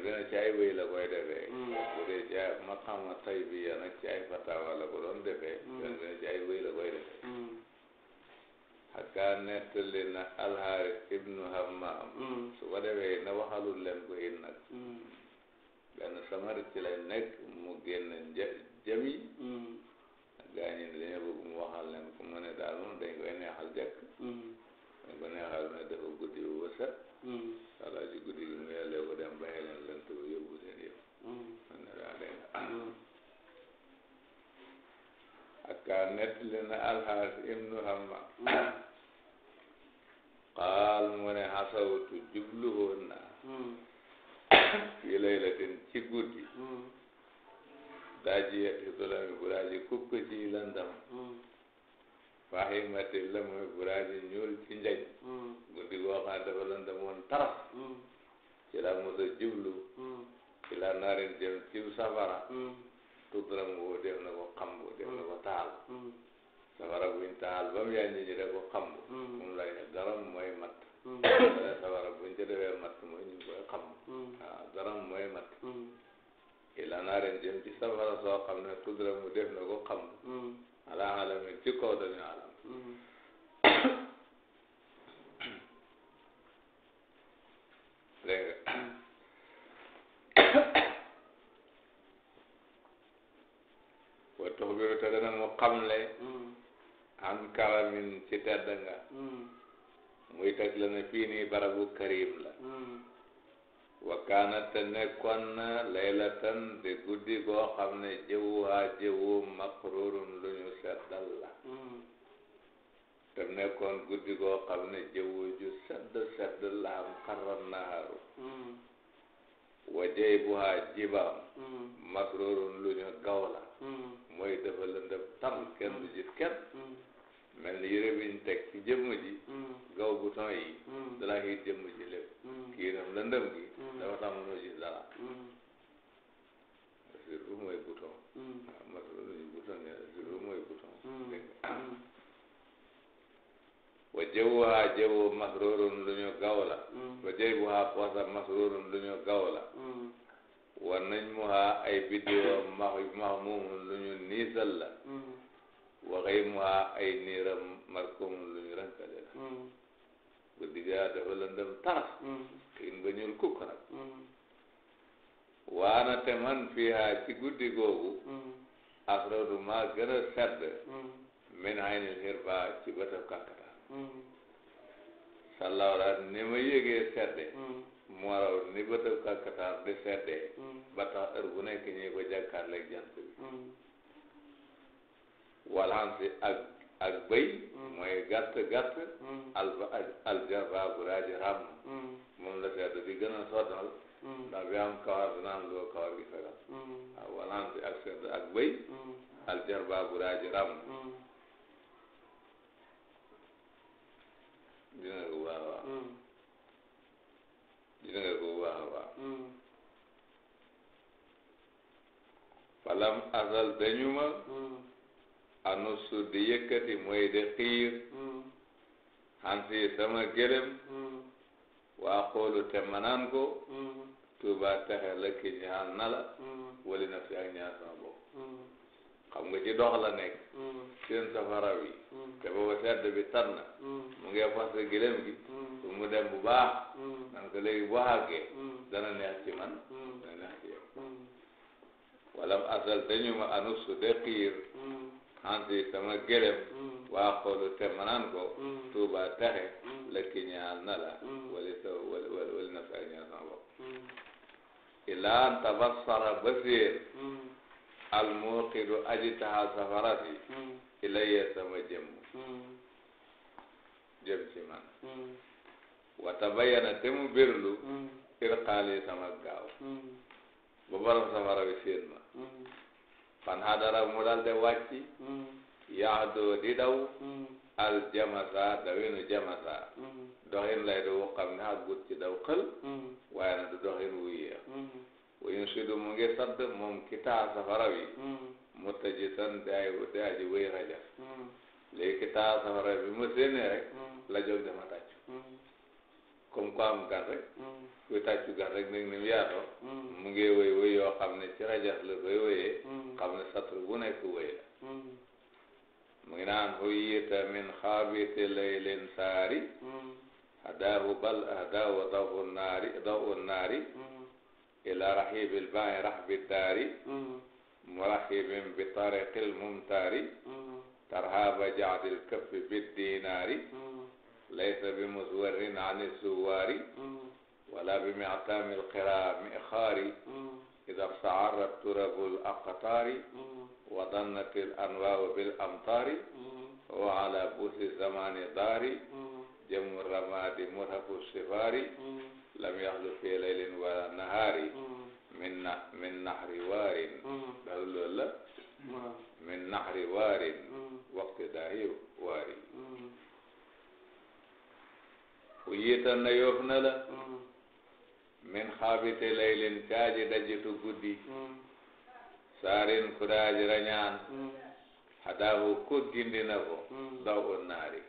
bi nag ci ay wéy la koy de bu dee ci ay maqama ya nag ci ay fatawa la ko doon defee yoon bi nag ci ay wéy la koy defee xakkaa nettali na alxaaris ibnu hammam su ko defee na waxalul leen ko it nag benn samari ci lay nekk mu génne la kon na laylatan di guddi goo xam ne jëwuha jëwu maqrurun lu ñu seddal la mm. te nekkoon guddi goo xam ne jëwu ju sedd sedd la am xarran naaru mm. wajey buha jibaam mm. lu ñu gaw la mooy dafa lëndëm tam kenn du gis kenn mel ni yére bi ñu teg ci ji mm. gaw bouton yi mm. dalaa xiir jëmm ji lépp mm. kii nam lëndëm gi dafa tax mënoo gis dara asiru mooy bouton waaw masaluñu bouton ne asiru mooy bouton dégg wa jawwaa jawwu masrurun lu ñu gaw la wa jaybuhaa poosa masrurun lu ñu gaw la wa najmuhaa ay biddiw maxmuumun lu ñu niisal la waxee mu ay niiram markoom lu ñu rankale la guddi ga dafa lëndëm taras xiin ba ñuul kukk nag waana te man fiiha ci guddi googu afradu maa gën a sedd min aynil hirba ci bëtam kàkkataan sallaaw daal ni ma yëgee sedde moo raw ni bëtam kàkkataan di sedde ba tax heure bu nekk ñi ko jàkkaarleeg jant bi walhansi ak ak bëy mm. mooy gàtt gàtt mm. alba aljarra bu raaji ràmm moom la seetlu di gën a sottal mm. ndax bi am kawar dana am loo kawar gi fegal ak sedd ak bëy aljarra bu raaji ràmm dina ko baax a baax dina ko baax asal dañu anusu di yëkkati mooy di xiir hmm. hansi sama gëlëm hmm. waa xoolu te manaan ko hmm. tuuba texe la ki ñaan na la wali na fi ak ñaan sama bopp xam nga ci dox la nekk seen safara wi te booba sedd bi tar na mu ngi fas gëlëm gi su mu dem bu baax nan ko léegi boo xàggee dana neex ci man dana neex ci yow walam asal dañu ma anusu de xiir hansi sama gërëm mm. waa xoolu te manaan ko mm. tuuba taxe mm. la ki na la wali sa wali wali na sa ñaal sama bopp ilaan tabassara basiir al muuqidu aji taxa safarati ilayya sama jëmm jëm man wa tabayana te mu birlu irqaali sama gaaw ba safara bi seen ma fan hadara mu dal de wàcci yahdoo di daw al jamasa dawinu jamasa doxin lay do wu xam ne àggut daw xël waaye doxin wu yéex wayun sudu mu ngi sadd moom kitaa safara wi day day aji wéy rajaf léegi kitaa safara bi mu séenee rek la jóg dama tàccu comme ko am gar rek mm. kuy tàccu gar rek nag ni mu yaatoo mu ngi woy woy yoo xam ne ci rajas la koy woyee mm. xam ne satr bu nekk woy la mm. mu ngi naan huyita min xaabiti laylin saari hadahu bal hadahu dawu naari dawu naari ila rahibil baay rahbi daari murahibin bi tariqil mumtaari tarhaba jaadil kafi bid dinaari laysa bi muswarrin ani suwaari wala bi mi'tami al-xaari ida saarra turabu al-aqtaari wa dannat al-anwaa'u bil-amtaari wa ala busi zamani daari jamu ramadi murhafu sifaari lam yaxlu fi laylin wala nahaari min na min nahri waarin dara loolu la min nahri waarin waqti daahi waari fu yiita na yoof na la min xaabite laylin caaji dajitu guddi saarin kuraaji rañaan hadaahu ku gindi na ko daw naari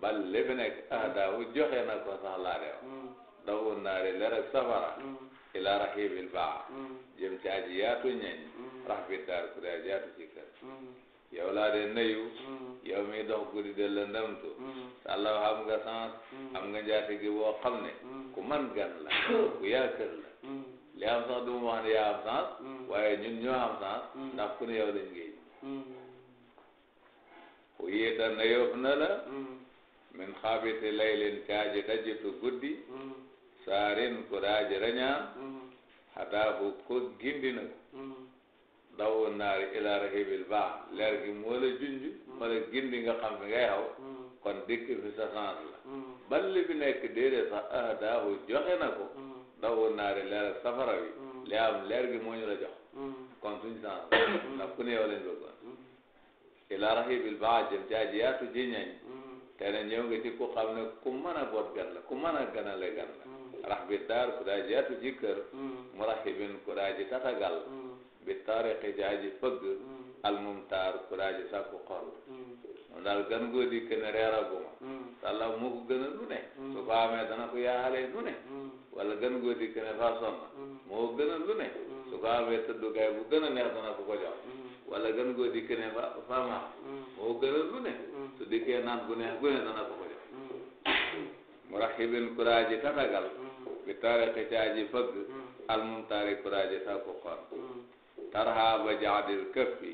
bal lébi nekk hadaahu joxe na ko sax laa rew naari lerek safara ila rahibil baa jëm caaji yaatu ñeñ rahbi daar kuraaji ci kër yow laa de nayu mm. yow mi dox guddi de la ndamtu mm. sàllaw xam nga sens mm. xam nga njaati boo xam ne ku man gan la ku yaakër la li am sens du yaa am waaye ñun ñoo am sens ku ne yow lañ ngay ku yiita nayoof na la min xaabiti laylin caaji dajitu guddi saarin ku daaji rañaan xataa bu ko gindi na ko daw naari ila rahibil baax leer gi moo la junj hmm. moo la gindi nga xam fi ngay xaw hmm. kon dikk fi sa sens la hmm. bal li fi nekk déedéet sax ah daahu joxe na ko daw naari leer safara wi li leer gi moo ñu la jox kon suñ sens la ndax ku ne yow lañ bëggoon ila rahibil baax jëm caaji yaatu ji ñañ te ne ñëw nga ku xam ne ku mën a boot gan la ku mën a ganale gan la rax bi daar ku daa ji ji kër mu raxibin ku daa ji tatagal bi taarixi jaaji fëgg mm. almumtaar kuraaji sàkku xol moom daal gan goo dikk ne reeraguma sàlla mm. moo ko gën a lu ne mm. su ko amee dana ko yaaxale lu ne wala gan goo dikk ne faa sonna moo gën a lu ne su ko amee tëddukaay bu gën a neex dana ko ko wala gan goo dikk fa fa ma moo lu ne su dikkee naan gu neex gu ne dana ko ko jox murahibin kuraaji tatagal bi taarixi jaaji fëgg almumtaari kuraaji sàkku xol tarhaaba jaadil këffi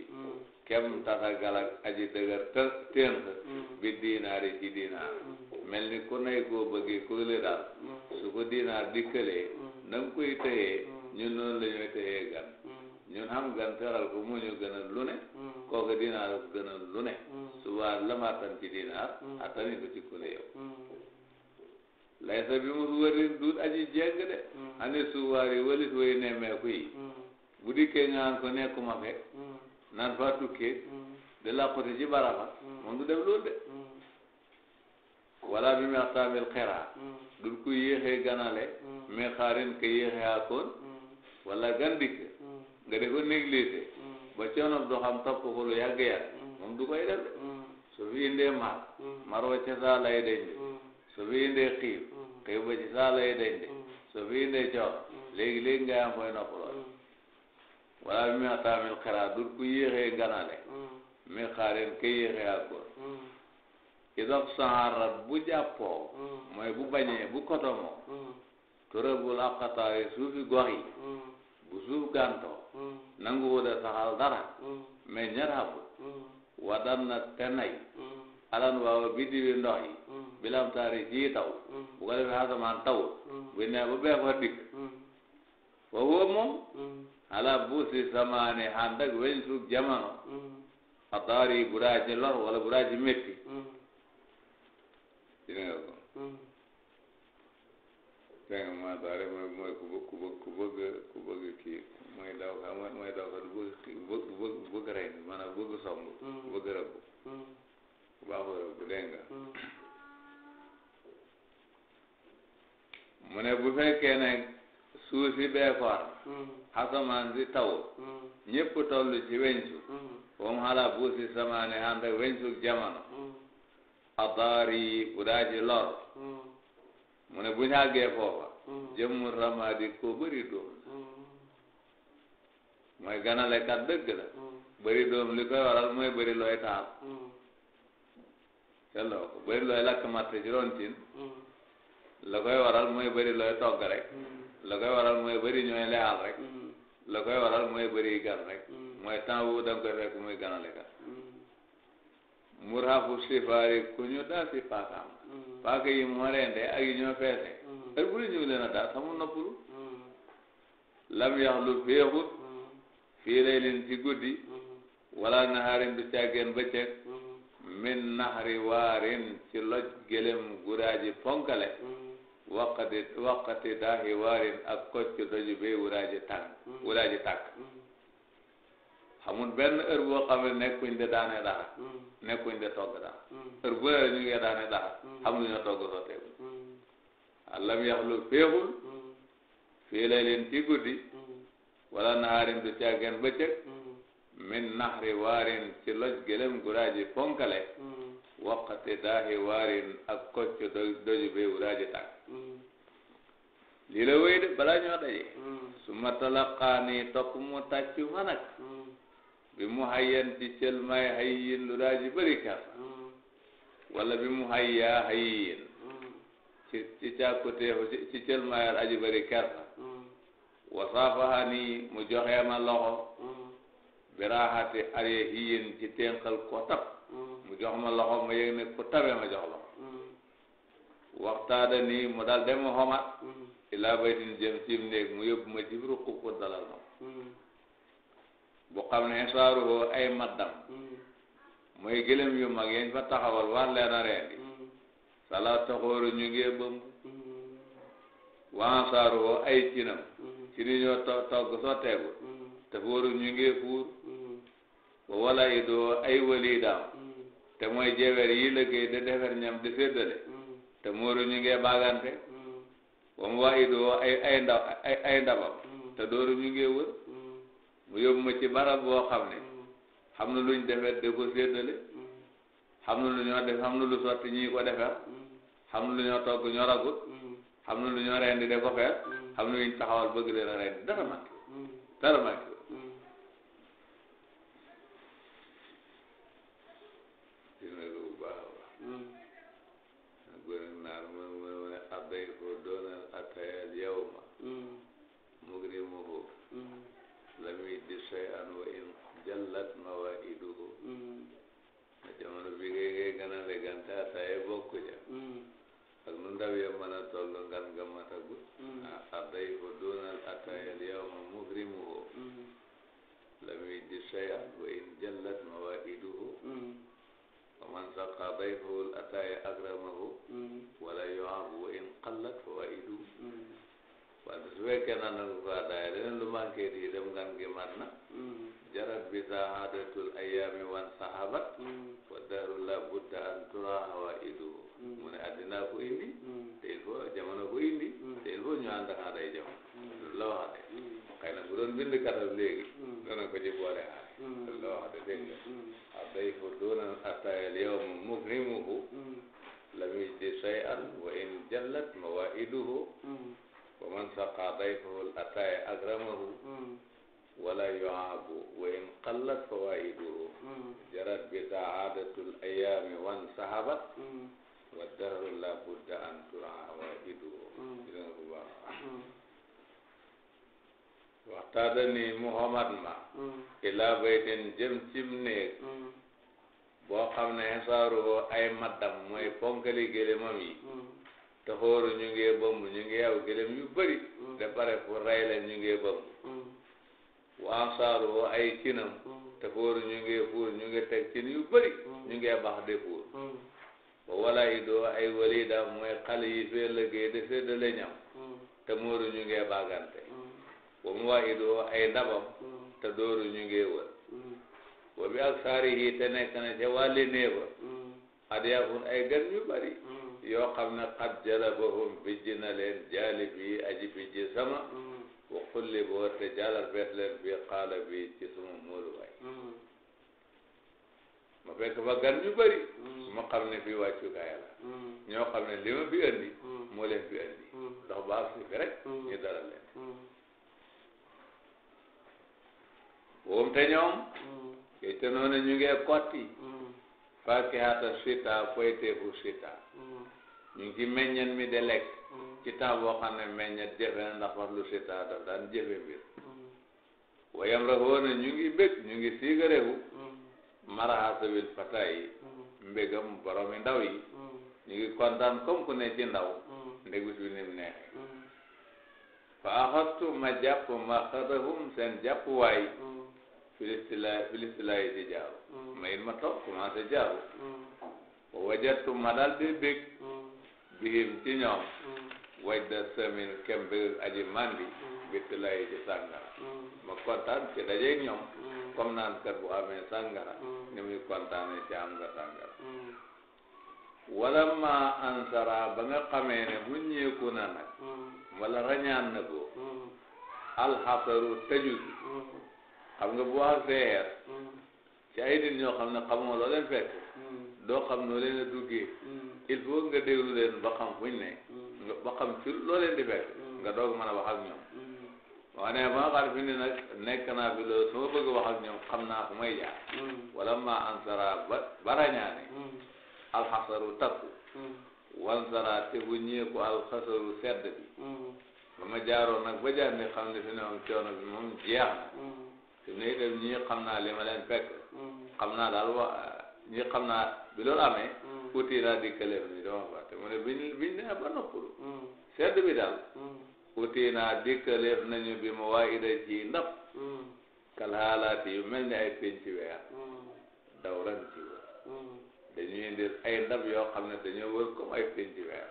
kem tasagalak aji dëgër të ténk bi diinaari ci diinaar mel ni ku nay koo bëggee ku le daal su ko diinaar dikkalee nam koy tëyee ñun noonu la ñuy tëyee gan ñun xam gan teral ko moo ñu gënal lu ne kooku diinaar ko gënal lu ne subaa lama tan ci diinaar attani ko ci ku le yow laysa bi mu wërin duut aji jégg de ani suwaar yi walit way nemmeeku yi bu dikkee ñu naan ko nekkuma fekk hmm. naan faa tukkee hmm. de làqute ci baraba hmm. moom du def loolu de wala bi mextaabil xera dul ku yéexee ganale mais xaarin ke yéexee akoon wala gan nga de ko négligé ba coono do topp ko lu yàgg moom du koy def de su fi indee mar mar wa saa lay deñ de su fi indee xiif xiif ba ci saa lay deñ de su fi indee coono léegi léegi nga am fooy noppaloo wala mi ataamil xaraa dut ku yéexee ganale mm. mi xaarin ka yéexee àggoon mm. idof saharat bu jàppoo mm. mooy bu bañee bu kotomoo turabul aqataayi suufi gox bu suuf gàntoo nangu wuda saxal dara mais ñarabu wadan te nay alan waawa bidi bi ndox yi bilam taari jii taw bu ko defee asamaan tawul bu ne bu bee fa dikk foofu moom ala buusi samaani ànd ak weñ suug jamono xataar yi bu daa ci lor wala bu daa ci métti ci nga ko dégg nga maa daare mooy mooy ku bëgg ku bëgg ku bëgg ku bëgg kii mooy daw ka mooy daw ka du bëgg bëgg bëgg bëgg rey maanaam bëgg song bëgg rëbb ku baaxoo rëbb dégg nga mu ne bu fekkee ne suuf si bee far asamaan si tawul ñépp mm. toll ci wencu wam mm. hala buusi samaane ànd ak wencu jamono mm. adaari bu daa mu ne bu ñu àggee foofa jëmmu ramadi ko bëri doom mooy ganalekat dëgg la bëri doom li koy waral mooy bëri looy taal selloo ko bëri looy lakk matt ci ron tin la koy waral mooy bëri looy togg rek la koy waral mooy bëri ñooy leyal rek la koy waral mooy bëri gan rek mm. mooy temps boobu da nga koy fekk muy ganale gan mm. muraafu sifaari ku ñu daal si paakaam mm. paaka yi moo reende ak yi ñoo feese heure bu ñu leen a daal xamul noppalu lam yaxlu féexut fii lay leen ci guddi wala naxarin du càggeen bëccëg min naxari waarin ci loj gëlem guraaji ponkale waqati waqati daa hiwaarin ak kocc daju bee wuraaji tànk mm-hmm. wuraaji tàkk xamul mm-hmm. benn heure boo xam ne nekkuñ de daane dara mm-hmm. nekkuñ de togg dara heure bu ñu ngi daane dara xam lu ñu togg sotteeku àllam yaxlu féexul fii lay ci guddi wala naxaarin du caageen bëccëg min naxri waarin ci loj gëlëm guraaji fonkale waqati daa hiwaarin ak kocc daju bee wuraaji tàkk lii mm. la wéy de balaa ñoo daje mm. su ma talaqaani topp mu tàccu ma nag mm. bi mu ci cël may hayyin lu daa ji bëri kar bi mu hayyaa hayyin ci ci càkkuteefu ci cël may aji bëri kar wasaafaha mu joxee ma loxo biraahati aryahiyin ci tenqal ko tab mu jox ma loxo ma yëg ne ku ma jox loxo waxtaada nii mu daal dem xomat mm-hmm. ilaa baytin jëm cim néeg mu yóbbu ma ci ruq ko dalal ma mm-hmm. bu xam ne saaruhoo ay maddam mooy mm-hmm. gëlëm yu mag yañ fa taxawal war leen a rendi salaa taxooru ñu ngi bëmb waan saaruhoo ay cinam ci ni ñoo to togg sotteeku tafooru ñu ngi fuur ba wala idoo ay walidaam te mooy jewer yi liggéey da defar ñam di séddale te mooru ñu ngee baagante wa mm. mu wax idoo ay ay ndaw ay ay ndabam mm. te dooru mm. ma ci boo xam ne xam na luñ de ko séddale xam na lu ñoo def xam na lu sotti ñi ko defar xam na lu na lu ñoo rendi de ko xam na luñ taxawal bëgg leen a dara manqué jallat mawaiduhu mm-hmm. te jamono bi ngay ngay gën a legante ataaya bokku ja mm-hmm. ak nu ndaw ya mën ngan nga matagut mm-hmm. aday ah, ko doonal ataaya yawma muhrimuhu lam yujdi shay'an wa in jallat mawaiduhu wa man saqa dayfahu al ataaya akramahu wala yuabu wa in qallat fawaiduhu wante su fekkee naan na ko ataaya leneen lu manqué di dem ngan gi mat jarat bi saadatul ayami wan sahabat wa daaru la budda an tura hawaidu hmm. mu ne addina ko indi hmm. te il faut jamono ko indi hmm. te il faut ñu ànd ak aaday jamono loolu la wax de xëy na bu doon bind katam léegi dana ko ci boole aar loolu la wax de dégg nga addayfu dunan atayal yawma mukrimuhu lam yujdi shay'an wa in jallat mawaiduhu wa man saqa dayfahu ataya akramahu wala yuaabu wa in qallat fawaiduhu jarat bi saadatul ayaami wan sahabat wa dahru la budda an turaa hawaiduhu waxtaada ni muhammad ma ila baytin jëm cim néeg boo xam ne xesaaruhu ay maddam mooy ponkali gëlémam yi te xóoru ñu ngee bëmb ñu ngi aw gëlém yu bëri de pare pour rey leen ñu wa ansaaru ay cinam te fóoru ñu ngi fóor ñu cin yu bëri ñu ngi bax de fóor ba wala yi doo ay walida mooy xale yi fee lëggee de séddale ñam te mooru ñu ngi bagante ba mu doo ay ndabam te dooru ñu ngi wër ba bi ak saari te nekk na ca wàlli néeba adiyaafun ay gan yu bëri yoo xam ne xat jarabahum bijji na leen jaali aji bijji sama waxul li boo te jàllal bees leen bi xaala bi ci suma móoluwaay ma fekk fa gan ñu bëri ma xam ne fii wàccukaay la ñoo xam ne li ma fi andi moo leen fi andi ndax baax si fi rek ñu dalal leen woom te ñoom kay te noonu ñu ngee kotti faakihata sita foyteefu sita ñu ngi meññen mi de lekk ci temps boo xam ne meññet jafe na ndax war lu sitaa daf daan jëfe mbir mm-hmm. wayam ra woon ne ñu ngi bég ñu ngi siigareeku mm-hmm. marahasabil fata yi mm-hmm. mbégam ndaw yi ñu ngi kontaan comme ku ne ci ndaw ndégus bi ni mu neexee fa axastu ma jàpp ma xadahum seen jàppuwaay filistila filistila yi di jaaru ma it ma toog commencé jaaru wajattu ma daal di bég bihim ci ñoom wajda samin kem bi aji mandi bitti mm. lay ci sàngara mm. ma kontaan ci dajeeg ñoom comme mm. naan kat bu amee sàngara ni muy kontaanee ci am nga sàngara wala ma ansara ba nga xamee ne mu ñeeku na nag wala rañaan na ko alxasaru tëju gi xam nga bu wax feer ci ay nit ñoo xam ne xamoo loo leen fekk doo xam noo leen a duggee il faut nga déglu leen ba xam fuñ ne ba xam ci loo leen mm. nga doog mën a wax ak ñoom mm. waaye ne ba xar fi ni nag nekk naa fi loolu su ma bëgg wax ak ñoom xam naa fu may jaar mm. wala ma ansara ba barañaane alxasaru takku wansara te bu ñëwee ko alxasaru sedd bi ba ma jaaroon nag ba jaar ni xam ne fi ne moom coono bi moom jeex na fi mu ne itam ñii naa li ma leen fekk xam naa daal wa ñii naa bi loolu amee uti naa di këlëm bi dama fàtte mu ne biñ biñ nee ba noppalu sedd bi daal uti naa di këlëm nañu bi ma waa ida ci ndab kal yu mel ni ay penc weer daw ci wër dañuy indi ay ndab yoo xam ne dañoo wër comme ay penc weer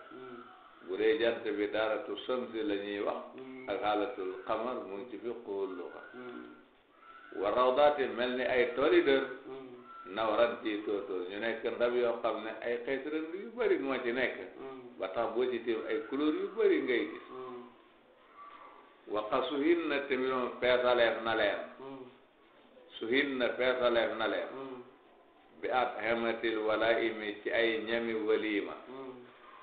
bu dee jant bi daaratu samsi la wax ak xaalatul xamar mu ngi ci fiqhul luxa wa rawdaati mel ni ay tooli nawran ci tóortóor ñu nekk ndab yoo xam ne ay xeeti rëdd yu bëri moo ci nekk mm. ba tax boo ci tiim ay couleur yu bëri ngay gis mm. waqa suhin na tamit moom feesaleef na leen mm. suhin na feesaleef na leen bi at xematil wala imi ci ay ñami waliima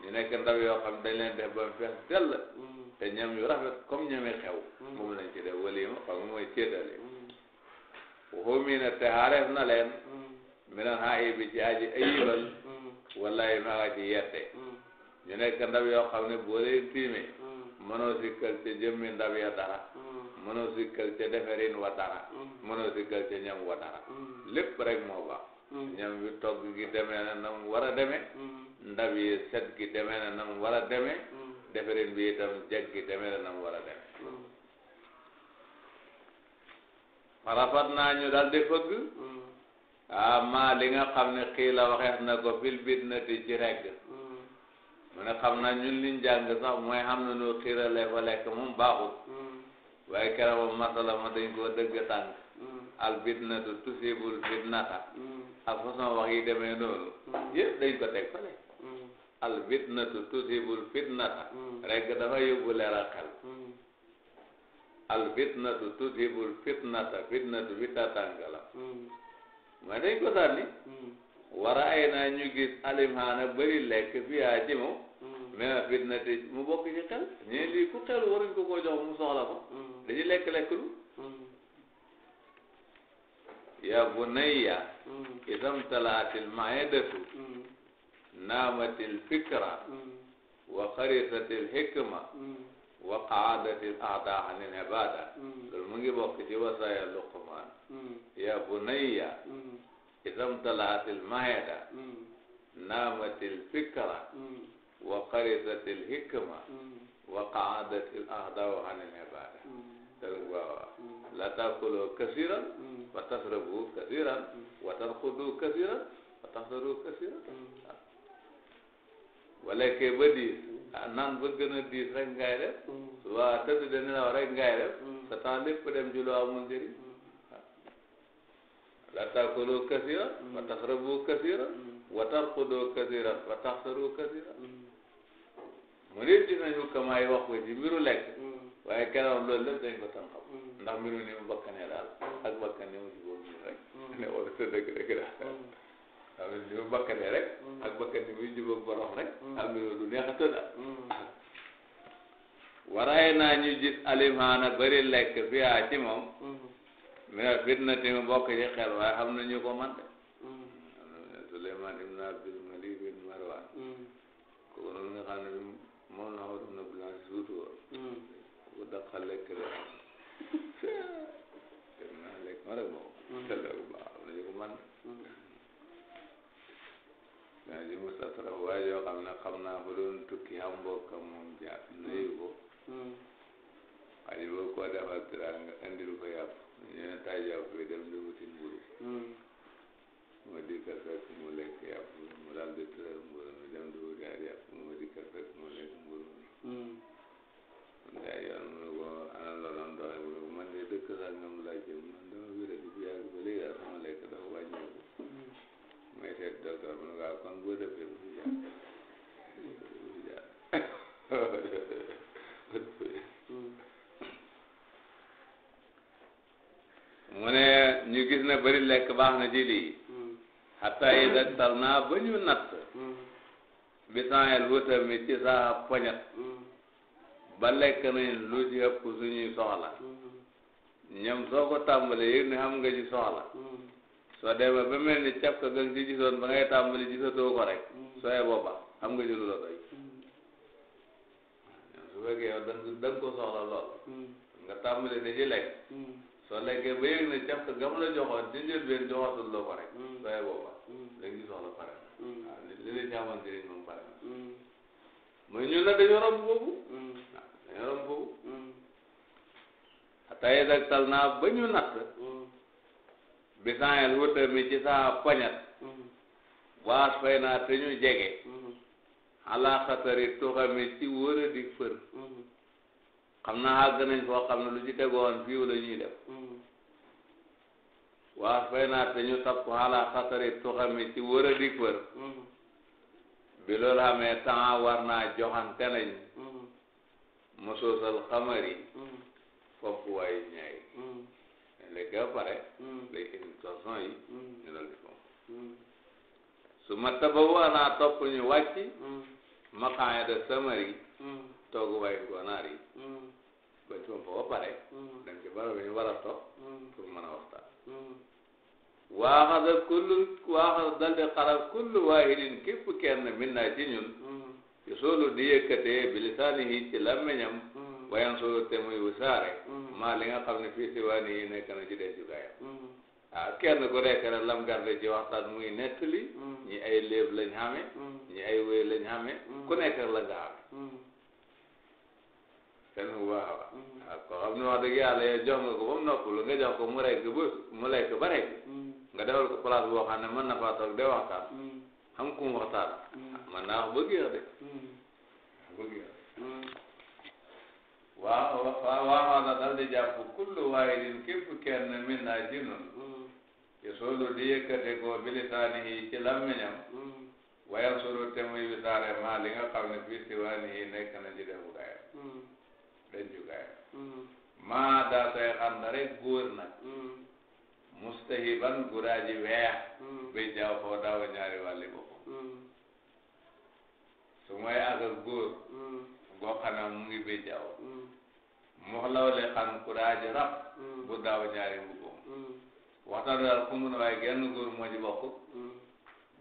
ñu nekk ndab yoo xam dañ leen def ba mu fees dell te ñam yu rafet comme ñami xew moom lañ ci def waliima xam nga mooy céetale waxoo mii na te xaareef na leen minan ha ibi ci aji ayibal mm. wallahi maa nga ci yette mm. ñu nekk ndab yoo xam ne boo leen tiimee mm. mënoo sikkal ca jëmmi ndab ya dara mënoo sikkal ca deferin wa dara mënoo sikkal ca ñam wa dara lépp rek moo baax ñam wi togg gi demee na nam war a demee ndab yi set gi demee na nam war a demee deferin bi itam jeg gi demee na nam war a demee farafat naa ñu daal fëgg ama ah, li nga xam ne xii la waxeef na ko fil fitnati ci regg mm. mu ne xam naa ñun liñ jàng sax mooy xam na nu xiirale fa lekk moom baaxut mm. waaye keroog masala ma dañ koo dëgg tànk mm. al fitnatu tusibul fitnata ak façon wax yi demee noonu yëpp dañ ko teg fale al fitnatu tusibul fitnata regg dafa yóbbu leeral xel al fitnatu tusibul fitnata fitnatu fitnatànk la mooy dañ ko sànni hmm. waraay naa ñu gis alimhaana bëri lekk fii aa ci moom hmm. mais mu bokk ci xel ñee lii ku xel waruñ ko koo jox mu soxla ko hmm. dañuy lekk-lekk lu ya bunayya idam talaatil maidatu naamatil fikra wa xaritatil hikma wa qaadatil ahdaa anil ibaada loolu mu ngi bokk ci wasaaya Luqmaan ya bunayya idam talahatil maheda naamatil fikra wa qarisatil hikma wa qaadatil ahdaa anil ibaada waaw la taakulu kasiran wa tasrabu kasiran wa tarqudu kasiran wa tahdaru kasiran bu lekkee ba diis ah naan ba gën a diis rek ngay def su mm. waa tëdd de nelaw rek ngay def mm. sa temps lépp dem ci lu amul njëriñ la taakulu kasira wa tasrabu kasira wa tarqudu kasira mm. wa taxsaru kasira mu ne dinañu kamaay wax ko ci mbiru lekk waaye keroog loolu lépp dañ ko tan xam ndax ni mu bakkanee daal ak bakkan ni mu ci boobu rek ne wala sa dëgg dëgg daal amee li mu bakkanee rek. Mm. ak bakkan bi muy jubóog borom rek. am na lu tëdda. waraay naa ñu gis alimaana bëri lekk fi aa ci moom. Mm. mais fitna tamit mbokk yi xel waaye xam na ñu ko man de. Mm. Souleymane ibn Abdul Malik bin Marwan. kooku noonu nga xam ne moom la xaw na bilan suutu woon. kooku daqal lekk la. dem naa lekk ma rek moom. te loolu baax na ñu ko man yaa ngi mu satara waaye yoo xam ne xam naa ko doon tukki am mbokk am moom jaar nuyu ko. Hmm. xaj boo ko defal tiraanga indil ko yàpp ñu ne taaj yàpp yi dem di wuti mburu. Hmm. mu dikka fekk mu lekk yàpp mu daal di tëral mburu mi dem di wuti ak yàpp mu dikka fekk mu lekk mburu mi. mu hmm. ne yoon mu ne ko ana la doon doxe mu ne ko man de dëkk sangam laa jëm nga seet docteur mu ne ko waaw kon boo defee mu ngi jaar na ci lii xataa yi mi ci saa poñat ba lekk nañ lu ci ëpp suñuy soxla ñoom soo ko soo demee ba mel ni ka gën ci gisoon ba ngay tàmbali gisatoo ko rek mm. soo yee booba xam nga jëlu la doy mm. su fekkee yow da nga ko soxla lool mm. nga tàmbali di ci lekk soo lekkee ba yëg ne cap ka gam la joxoon ci njëlbeen joxatul la ko rek soo yee booba léegi soxla pare na li li ñaamoon njëriñ moom pare ne dañu romb boobu dañu romb boobu ataye dag tal naa ba ñu natt bisaayal wuta mi ci saa poñat mm-hmm. waas fay naa te ñu jege mm-hmm. ala xatari tuxa mi ci wóor a dig fër mm-hmm. xam naa àgg nañ foo xam ne lu ci tegoon fiiw la ñuy def waas fay naa te ñu tapp ala xatari tuxa mi ci wóor a dig fër bi loolu xamee temps war naa joxante lañ mosoosal xamari foppu waay ñaay léegi ba pare. Hmm. léegi indi torsion yi. Hmm. ñu doon hmm. naa topp ñu wàcc. maqaaya de samari. toogu waayu gonaar yi. bañ fomp ba pare. dem ci barab yi ñu war a toog. pour mën a waxtaan. waaxada kullu waaxada dal di xarab kullu waahidin képp kenn min naa ci ñun. ci soolu di yëkkatee bilisaanihi ci làmmiñam wayan solo te muy wasaare mm. maa li nga xam ne fii diwaani yi nekk na ci dencukaayam mm. ah, kenn ku na lam garde ci waxtaan mu nettali mm. ñi ay léeb lañ xame ñi ay wéy lañ xame ku nekk la nga xame ten waaw ne wax dëgg yàlla yow jox nga ko ba mu noppalu nga jox ko mu rekk ba mu lekk ba rekk nga defal ko place ne mën na faa toog ah, de waxtaan xam kum waaw waaw waaw daal di jàpp kullu waahidin képp kenn min naa jinun yasulu di yëkkate ko bilisaanihi ci làmmiñam wayal suru te muy wisaare maa li nga xam ne fii siwaanihi nekk na ci defu gaayam dencu gaayam maa daa say xam ne rek góor nag mustahiban guraaji weex bay jaaw foo daaw ñaari wàlli boppam su may ak goo xam ne mu ngi bay jaww moxlaw le xam kuraaj rab bu daaw ñaari mbubbam waxtaan daal ku mun waaye genn góor moo ci bokk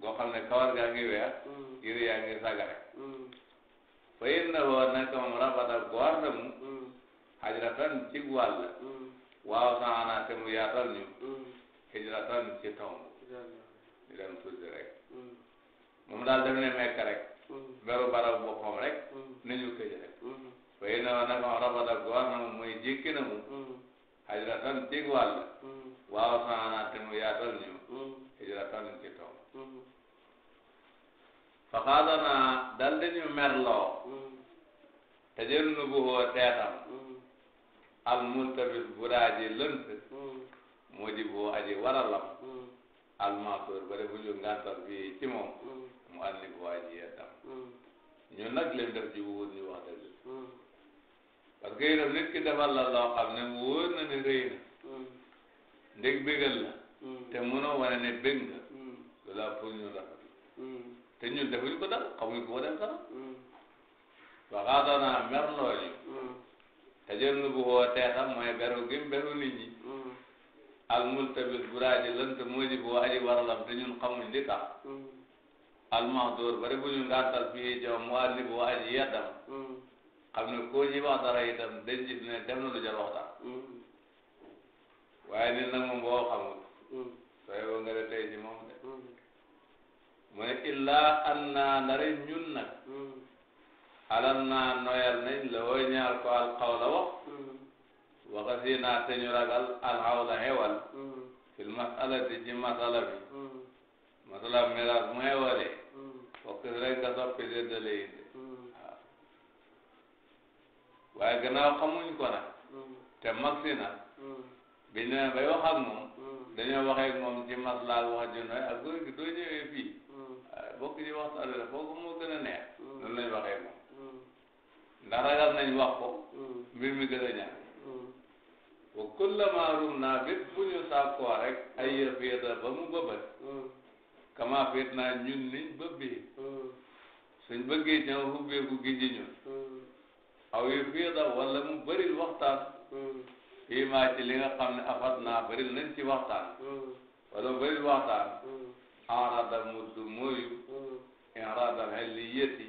goo xam ne kawar gaa ngi weex yére yaa ngi sagare fa yén na woo naka moom rabata goor la mu xajratan ci wàll waaw saana te mu yaatal ñu xijratan ci tomb ne mekk beru barab boppam rek hmm. nañu këj rek hmm. hmm. fay na wa naka rabada goor na mu mooy jékki na mu hajra tan cig wàll waaw saana te mu yaatal ñu hijra tan ci toom fa xaadana dal di ñu merloo te jël nu bu hoo teetam al multabis buraaji lënt moo di boo aji waralam al maatur bare bu ñu ngàntal bi ci mu àndi bu waa ji tam hmm. ñun nag leen def ci wóor ñu wax dëgg hmm. parce que itam nit ki defal la loo xam ne wóor na ne rëy na hmm. ndég bégal la te mënoo wane ne bég nga loola pour ñu rafet te ñun defuñ ko dara xamuñ ko def dara waxaatanaa merloo ñu te jël nu bu xoo teexam mooy beru gim beru nit ñi al multabis bu raaji lënt moo ji bu waaji waralam te ñun xamuñ li tax almahdur bari bu ñu ngantal fii jom mu àndi bu aji yeddam xam ne koo ji wax dara itam dañ gis ne dem na hmm. waaye nit nag moom boo xamul hmm. sooy boo nga de tey ji moom hmm. mu ne illaa an naa nari ñun nag alal noyal nañ la wooy ñaar ko alxaw la wax waxa si naa te ñu ragal alxaw la xewal bi masala melaat bu may waree fokk rek nga soppi séddale yi de waaye gannaaw xamuñ ko nag te mag si nag biñ demee bay wax ak moom dañoo waxee ak moom ci maslaa wax ju nooy ak góor gi doo ñëwee fii bokk ci waxtaan la foofu moo gën a neex noonu lañ waxee moom ndax ragal nañ wax ko mbir mi gën a ñaaw wa rum naa bépp bu ñu sàkkoo rek ay yëf yëda ba mu bëbët kama fit naa ñun niñ bëbbee suñ bëggee ñëw hubbeeku gi ci ñun aw yu fiida wala mu bëril waxtaan fii maa ci li nga xam ne naa bëril nañ ci waxtaan wala mu bëril waxtaan enrada mu du mooyu enrada xel li yëti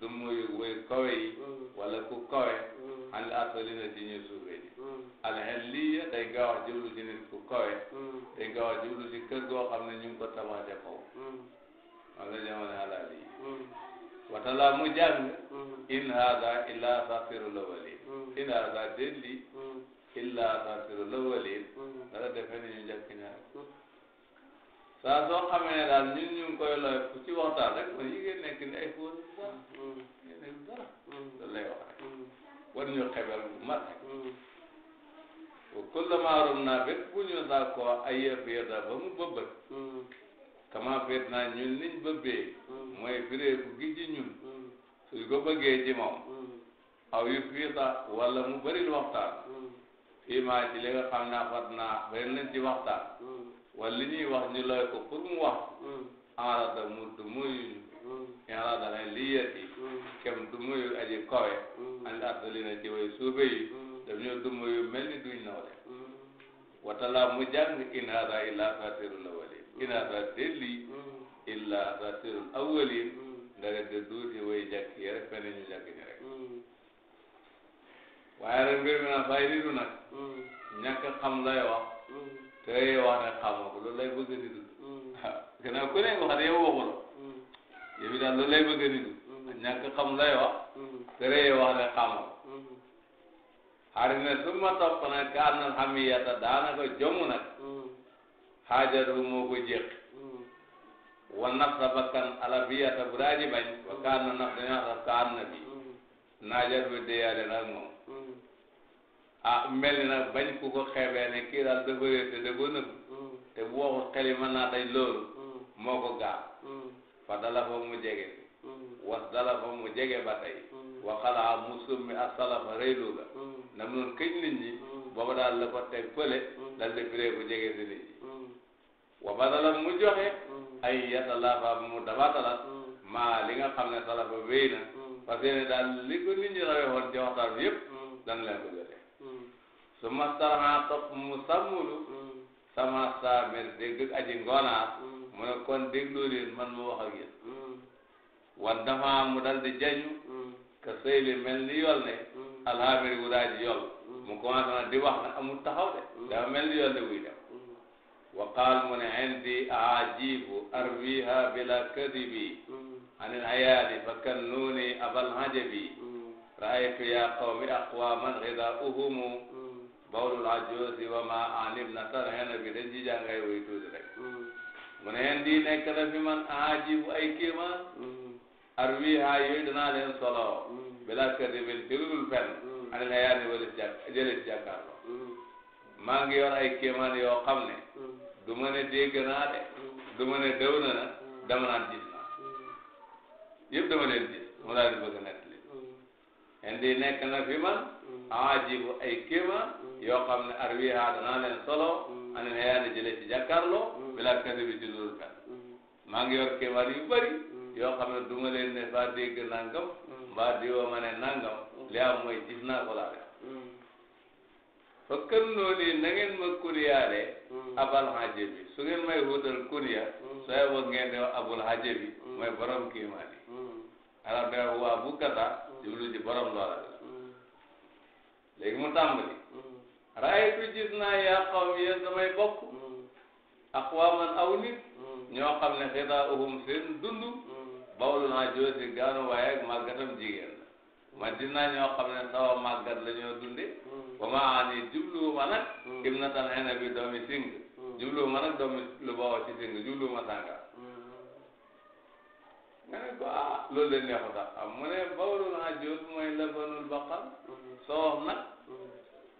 du muy woy kawe yi mm. wala ku kawe xan mm. la asali na ci ñu suufe ji mm. alxel lii dañ kaa wax jublu ci nit ku kawe dañ kaa wax jublu ci kër goo xam ne ñu ngi ko tabax ca kaw man la jamono alal yi watala mu jàng in hada illa satiru lawalin in hada delli illa satiru lawalin dara defe ne ñu njëkk ñaar saa soo xamee ne daal ñun ñu ngi koy looy ku ci waxtaan rek mooy yi ngeen nekk ni ay fóor yu dara ngeen nekk dara loolu lay wax rek war ñu xebel bu mat rek wa kullama rum naa bépp bu ñu sàkkoo ay yëf yëda ba mu bëbët kama feet naa ñun niñ bëbbee mooy fireeku gi ci ñun suñ ko bëggee ci moom aw yu fii sax wala mu bëril waxtaan fii maa ci li nga xam naa fat naa bëri nañ ci waxtaan wala li ñuy wax ñu looy ko pour mu wax arada mu du muy arada lay kem du muy aji kawe and ardali na ci way suufe yi daf ñoo du mel ni duñ nawle watala mu jàng in hada illa satirul awalin in hada delli illa satirul awalin ndaga de duuti way jakk yi rek fene ñu jakk ñi rek waaye rek mbir mi naan fay nitu nag ñàkk xam lay yooyu wax ne xamoo ko loolu lay bëgg di dund. ku ne wax ne yow waxuloo. yow daal loolu lay bëgg di dund. ñàkk xam lay wax. tere wax ne xamoo. xaaral ne su ma topp nag ka am na xam yàlla daanaka jomm nag. xaajatu moo ko jeex. wa nafsa bakkan alabiyata bu daa ji bañ. wa kaan na naf dañoo xam kaan na bi. naajat bi deyaale nag moom. ah mel ni nag bañ ku ko xeebee ne kii daal dafa réer te da ko nëbb mm. te bu waxul xel yi mën day loolu mm. moo ko gaal mm. fa dala fa mu jege was dala fa mu jege ba tey waxalaa mu summi asalafa reylu ga nam noonu këj nit ñi booba daal ko teg fële dal di firee ko jege si nit wa badala mu joxe ay yatalafa mu dabatalat maa li nga xam ne salafa wéy na parce que daal li ko nit ñi rawee woon ci waxtaan yëpp dan leen ko jël su ma sarxaa topp mu sàmmulu sama saamir dégg aji ngonaar mu ne kon dégloo leen man mu wax ak mu dal jañu ka sëy li mel ni yool ne alhamir wu daa mu commencé na di wax nag amul taxaw de dafa mel ni wa qaal mu ne indi ajibu arwiha bila kadibi anil hayaali fa kannuni abal hajabi raaytu ya qawmi aqwaman ghidauhumu bawlul ajuusi wa ma alim na tar hen bi dañ ci jàngay way tuuti mu ne hen di nekk la fi man aajib ay kéema arwi ha yooyu danaa leen solo bila kadibil jëlul fenn anil hayaani walis jàkk jëlis jàkkaarlo maa ngi yor ay kéemaan yoo xam ne du ma ne dégg naa de du ne dëw na na dama naan gis naa yëpp dama leen gis mu daal di bëgg nettali hen di nekk na fi man aajibu ay yoo xam ne arwiha danaa leen solo mm. anen heyaane jële ci jàkkaarloo mm. bila kadi bi ci loolu kan mm. maa ngi yor kéemaar yu bëri ne duma leen ne faa dégg nangam mbaa diwa ma ne nangam li am mooy gis naa ko laa def fa kën noonu na ngeen ma kuniyaale abal hajabi su ngeen may wutal kuniya sooy wax ngeen ne abul hajabi mooy borom kéemaar yi arab ne waa bu kata jublu ci borom loola léegi mu tàmbali raaytu gis naa yaa qawmi yéen samay bokk aqwaman aw nit ñoo xam ne xidauhum seen dund bawlu naa joosi gaanu waaye ak màggatam jigéen la ma gis naa ñoo xam ne sawa màggat ani jubluuma nag ibnatan hena bi doomi sing jubluuma nag doomi lu bawoo ci sing jubluuma sànga nga ne ko ah loolu de neexu sax am mu ne bawlu naa joos mooy labanul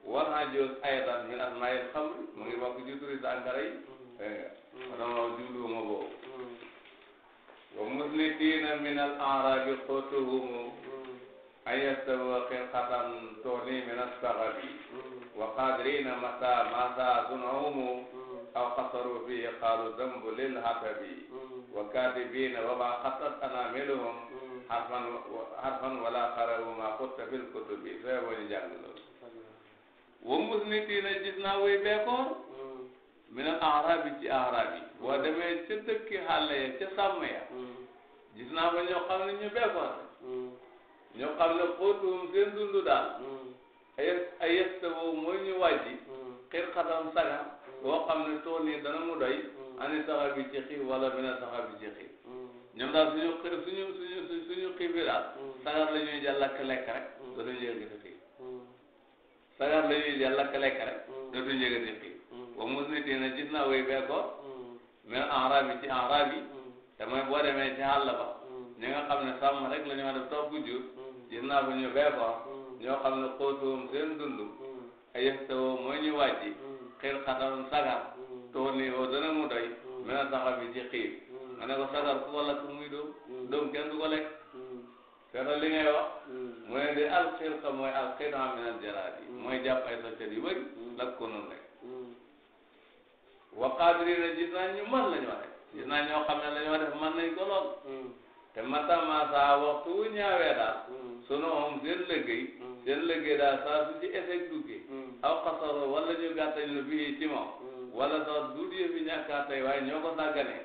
wal ajuz aydan min asmaa'il xamri mu ngi bokk ci turi sàngara yi adam mm-hmm. law jubluwuma boobu mm-hmm. wa musnitina min al arabi xutuhumu an yastawa xirqatan tuni min assaxabi mm-hmm. wa qadirina mata mata sunumu aw qasaru fihi qaalu dambu lil hatabi wa kadibina wa ma xatat anamiluhum harfan wala xarawu ma xutta fil kutubi sooy boo ñu jàng loolu wa musnitina gis naa way beekoor hmm. min al arabi ci arab yi boo hmm. demee ca dëkki xàll ya ca sàmm ya hmm. gis naa ba ñoo xam ne ñu beekoor ñoo xam ne xóotuum seen dund daal ayes ayes ta boobu mooy ñu wàjji xir saga boo xam ne tool yi dana mu doy ani saxa bi ci xiif wala mina saxa bi ci ñoom daal suñu suñu suñu suñu xiif bi daal sagar la ñuy jàll ak lekk rek danañu yëngi sagar la ñuy jël lakk lekk rek dootuñu yëgati fii wa musnitina gis naa way bee ko min enrabi ci enrabi te mooy boo demee ci àll ba ñi nga xam ne sàmm rek la ñoo def topp jur gis naa ko ñu bee ko ñoo xam ne xóotuwam seen dund a yëftawoo mooy ñu wàcci xiir xatam sagar tool ni oo dana mu doy mën a taxaw bi ci xiir ma ne ko sagar ku ko lakk muy doom doom ko lekk kano li ngay wax mu ne di alxilqa mooy alxidaa min aljaraad yi hmm. mooy jàpp ay soccet yu bëri hmm. nag ko noonu rek hmm. wa qaadirina gis naa ñu mën la ñu wax rek gis naa ñoo xam ne la ñu wax def mën nañ ko lool te matama saa waxtu wu ñaawee daal sunu moom seen liggéey seen liggéey daal saa su ci échec duggee aw xasaro wala ñu gàttañ lu bii ci moom wala sax du yëfi ñàkkaa tey waaye ñoo ko sàgganee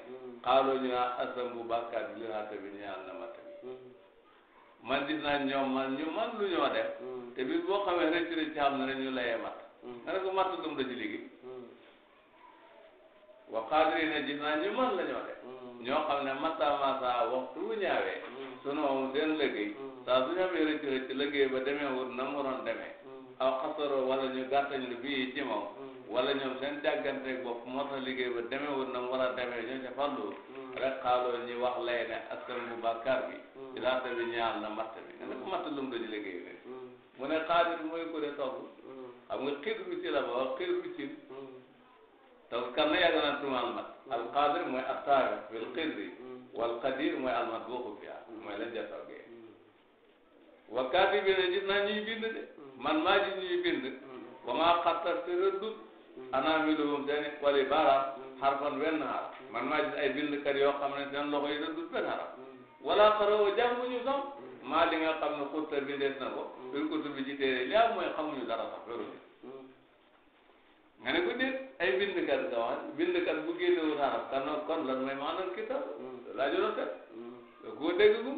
xaaloo ñu naa asam bu bàkkaat bi li naa tamit ñaan na ma man gis naa ñoom man ñu man lu ñoo def mm. te bis boo xamee rëcc rëcc na ne ñu layee mat mm. nga ne ko dum da ci liggéey mm. wa xaadiri ne gis naa ñu man la ñoo def ñoo xam ne matta masa waxtu bu ñaawee sunu moom seen liggéey saa su ñu amee rëcc rëcc liggéey ba demee wut na mu waroon demee aw xasaro wala ñu gàttañ lu bii ci moom wala ñoom seen jàgganteeg bopp moo tax liggéey ba demee wut na mu war a demee ñoo ca rek xaaloo ñi wax lay ne askan bu ilaata bi ñaar na matt bi nga ne ko matt lu mu doon liggéey mm. mu ne xaadir mooy ku de togg mm. xam nga xiir bu ci la ba wax xiir bu ci donc kan la yàgg naan tuma mm. almat alqaadir mooy attaari fil qirri wal qadir mooy almat boo ko fiyaa mooy lañ ja toggee wakkaati bi ne gis naa ñuy bind de man maa gis ñuy bind wa maa xattar te rëddut anaamiluhum seen wali baaraam xarfan wenn xaraf man maa gis ay bindkat yoo xam ne seen loxo yi rëddut benn xaraf wala xarawo jànguñu sax maa li nga xam ne xutta bi ndees na ko suñ ko tudd ci téere li am mooy xamuñu dara sax loolu nga ne ko déet ay bindkat nga wax bindkat bu génnewul arab kan kon lan mooy maanaam kitaab laajuloon kat da koo déggagum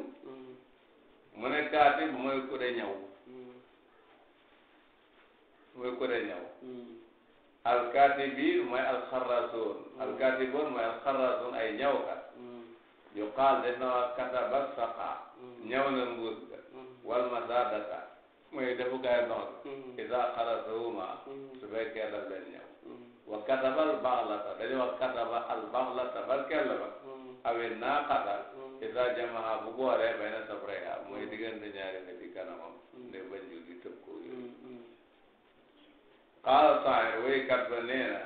mu ne kaatib mooy ku de ñaw mooy ku de ñaw alkaatibiin mooy alxarraasoon alkaatiboon mooy alxarraasoon ay ñawkat yu de na wax kataba saqa ñëw na mbuus ga wal masadata mooy defukaay ndox ga isa xarasa wuma su fekkee daf leen ñëw wa kataba al baxlata dañu wax kataba al baxlata barkeel ba awe naaqata isa jamaha bu booree bay na sabreha mooy diggante ñaari nga ci kanamam ne bañu di ko yooyu qaal saay waykat ba nee na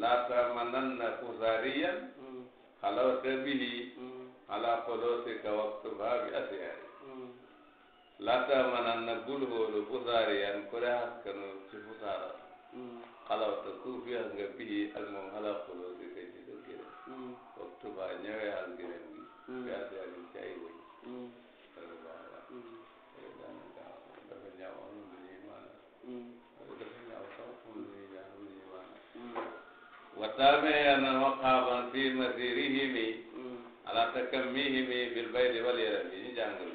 laa tamananna fusariyan sa bihi ala qudusika waktuba bi atyari lata manan na gul hoolu fusaariyan ku re haskanu ci fusaara xalawta ku fi nga bii ak moom ala qudusika ci sa gërëm waktuba ñëwe al gërëm bi bi atyari ci ay wëñ wa taame yana maqaaban fi masirihimi ala takammihimi bil baydi wal yarami ñu jàng lool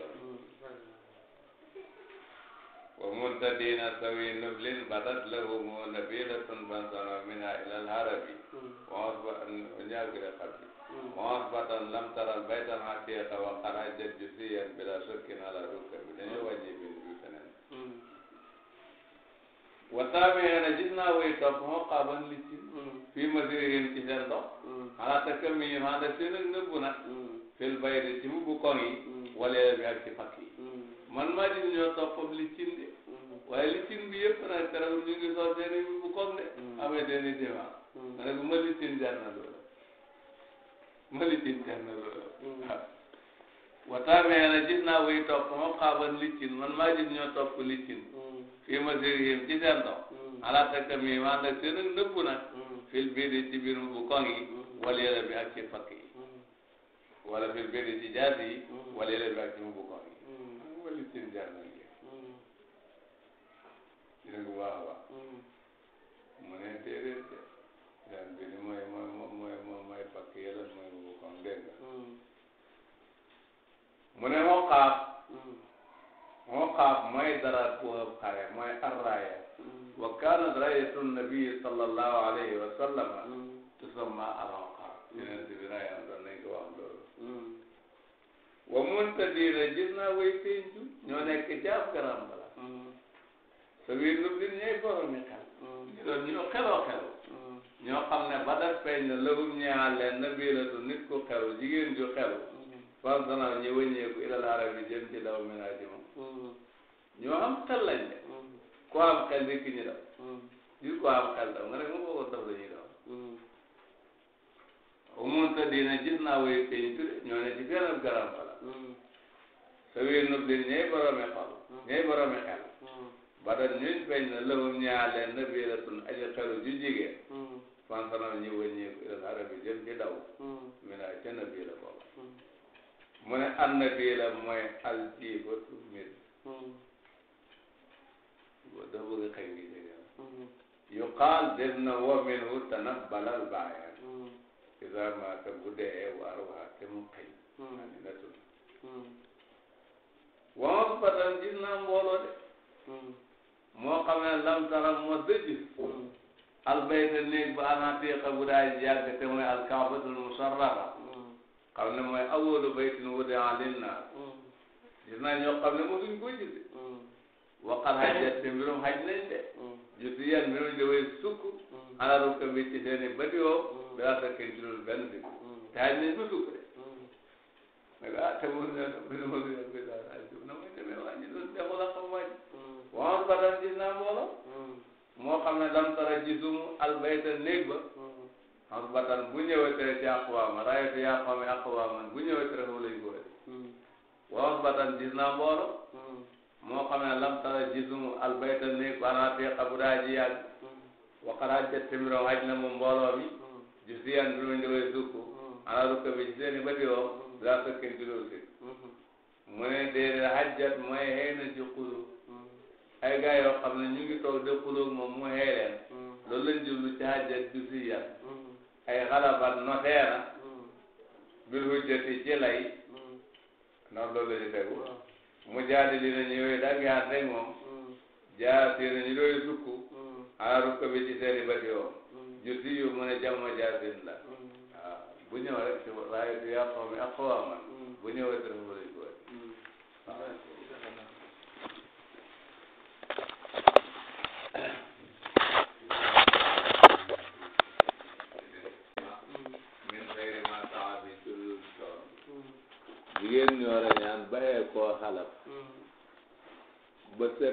wa muntadina sawi nublin badat lahumu nabilatun bansana minha ila al harabi wa ñaagire xabbi wa asbatan lam tara baytan haqiqa wa xarajat jusiyan bila shakkin ala rukkabi dañu wàññi bind wataabiina gis naa way topp moo xaaban li ci fii masirihim ci seen dox xanaa te kër mi ñëw ànd ak seen ak nëbbu nag fil bayri ci mubbu koŋ yi wala bi ak ci fakk yi man maa di ñoo toppam li di waaye li cin bi yëpp nag terewul ñu ngi soo seen i mubbu koŋ de amee seen i débat ma ne ko ma li cin jar na loolu ma li cin jar na loolu wataabiina naa way topp moo xaaban li cin man maa di ñoo topp li fii masir yim ci seen dox ala takka mi maa nag seen ak nëbbu nag fil biir yi ci biir bu koŋ yi hmm. wala yële bi ak ci fakk yi hmm. wala fil biir yi ci jaas hmm. yi wala yële bi ak ci bu koŋ yi ah, wala seen jaar na yi dégg waaw waaw mu ne déedéet daan bi ni mooy mooy mooy mooy mooy fakk yële mooy bu koŋ dégg nga mu ne moo xaar xoqaaf mooy dara bu ëpp xare mooy arraaya wa kaanat raayatu nabi sallallahu alayhi wa sallam tusamma al xoqaaf yonent bi raayam doon nañ ko wax loolu wa muntadira gis naa way pencu ñoo nekk ci ab garam bala so wi lu bi ñooy boromi xel ñu doon ñoo xeloo xelu ñoo xam ne ba def feeñ na lëgum ñaa leen nabiratu nit ku xelu jigéen ju xelu fan sanaaw ñu wëññeeku ilal arabi jëm ci law minaa ji moom ñoo am xel lañ de. ku am xel nekk ñu daw. ko am xel daw nga ne ma ko daf la ñuy daw. dina gis naa way feeñ tuddee ñoo ne ci benn garam bala. te wéy nu leen ñooy borome xol. ñooy borome xel. ba dañ ñuy feeñ na lëwum ñaale na bii la tun aji xelu ju jigéen. fan fanam ñi wëññeeku ilal arabi jëm ci daw. Mm. mi naa ca na bii la bokk. mu ne annabila mooy aljibatu min hmm. boo da bëgg xëy ngi jege yuqaal def na wa minhu tanabbalal bayan hmm. isa maata bu dee waar waa te mu xëy hmm. adina tun wamas batam gis naa mbooloo de moo xamee lam taram mos de gis albayta néeg ba anatiqa bu daa yàgg te mooy alkaabatul musarrafa xam ne mooy awwalu baytin wudi'a linnaas mm. gis naa ñoo xam ne mosuñ ko gis de mm. waqal hajjat te mbirum haj nañ de mm. juti yan mbirum daway sukk ala rukka bi ci seeni bët yoo balaa sakkin ci loolu benn bi te haj nañ ba sukk de ne ko ah te mu ne mbirum ma gën a gën a haj na muy demee waa ñu doon dexul ak xam waaj waaw ba daan gis naa mbooloo moo xam ne lam tara gisum albayta néeg ba akbatan bu ñëwee tere ci aqwaama raayatu yaa qawmi aqwaaman bu ñëwee tere foofu lañ ko wëri wa akbatan gis naa mbooloo moo xam ne lam tara gisum albayta néeg baanaa tee xabu daa ji yàgg waqaraa jët timirom haj na mu mbooloo mi jusiyan bi mu njëloy sukku ana rukka bi ci seeni bëti woo daa sëkkin ci loolu si mu ne déedéet hajjat mooy xëy na ci xulu ay gars yoo xam ne ñu ngi toog de xulóog moom mu xëy leen loolu lañ jublu ci hajjat jusiyan ay xalabat noteera mm. bil hujjati ci lay mm. noonu loolu la ñu tegu mu jaadi li nañu yooyu daggaat rek moom mm. jaasi nañu doy sukku xaaru ko bi ci seen i bati yoo jusi yu mu ne jàmm jaasin la waaw bu ñëw rek si laayi du yàqoo mi aqwaaman bu ñëw rek dafa bëri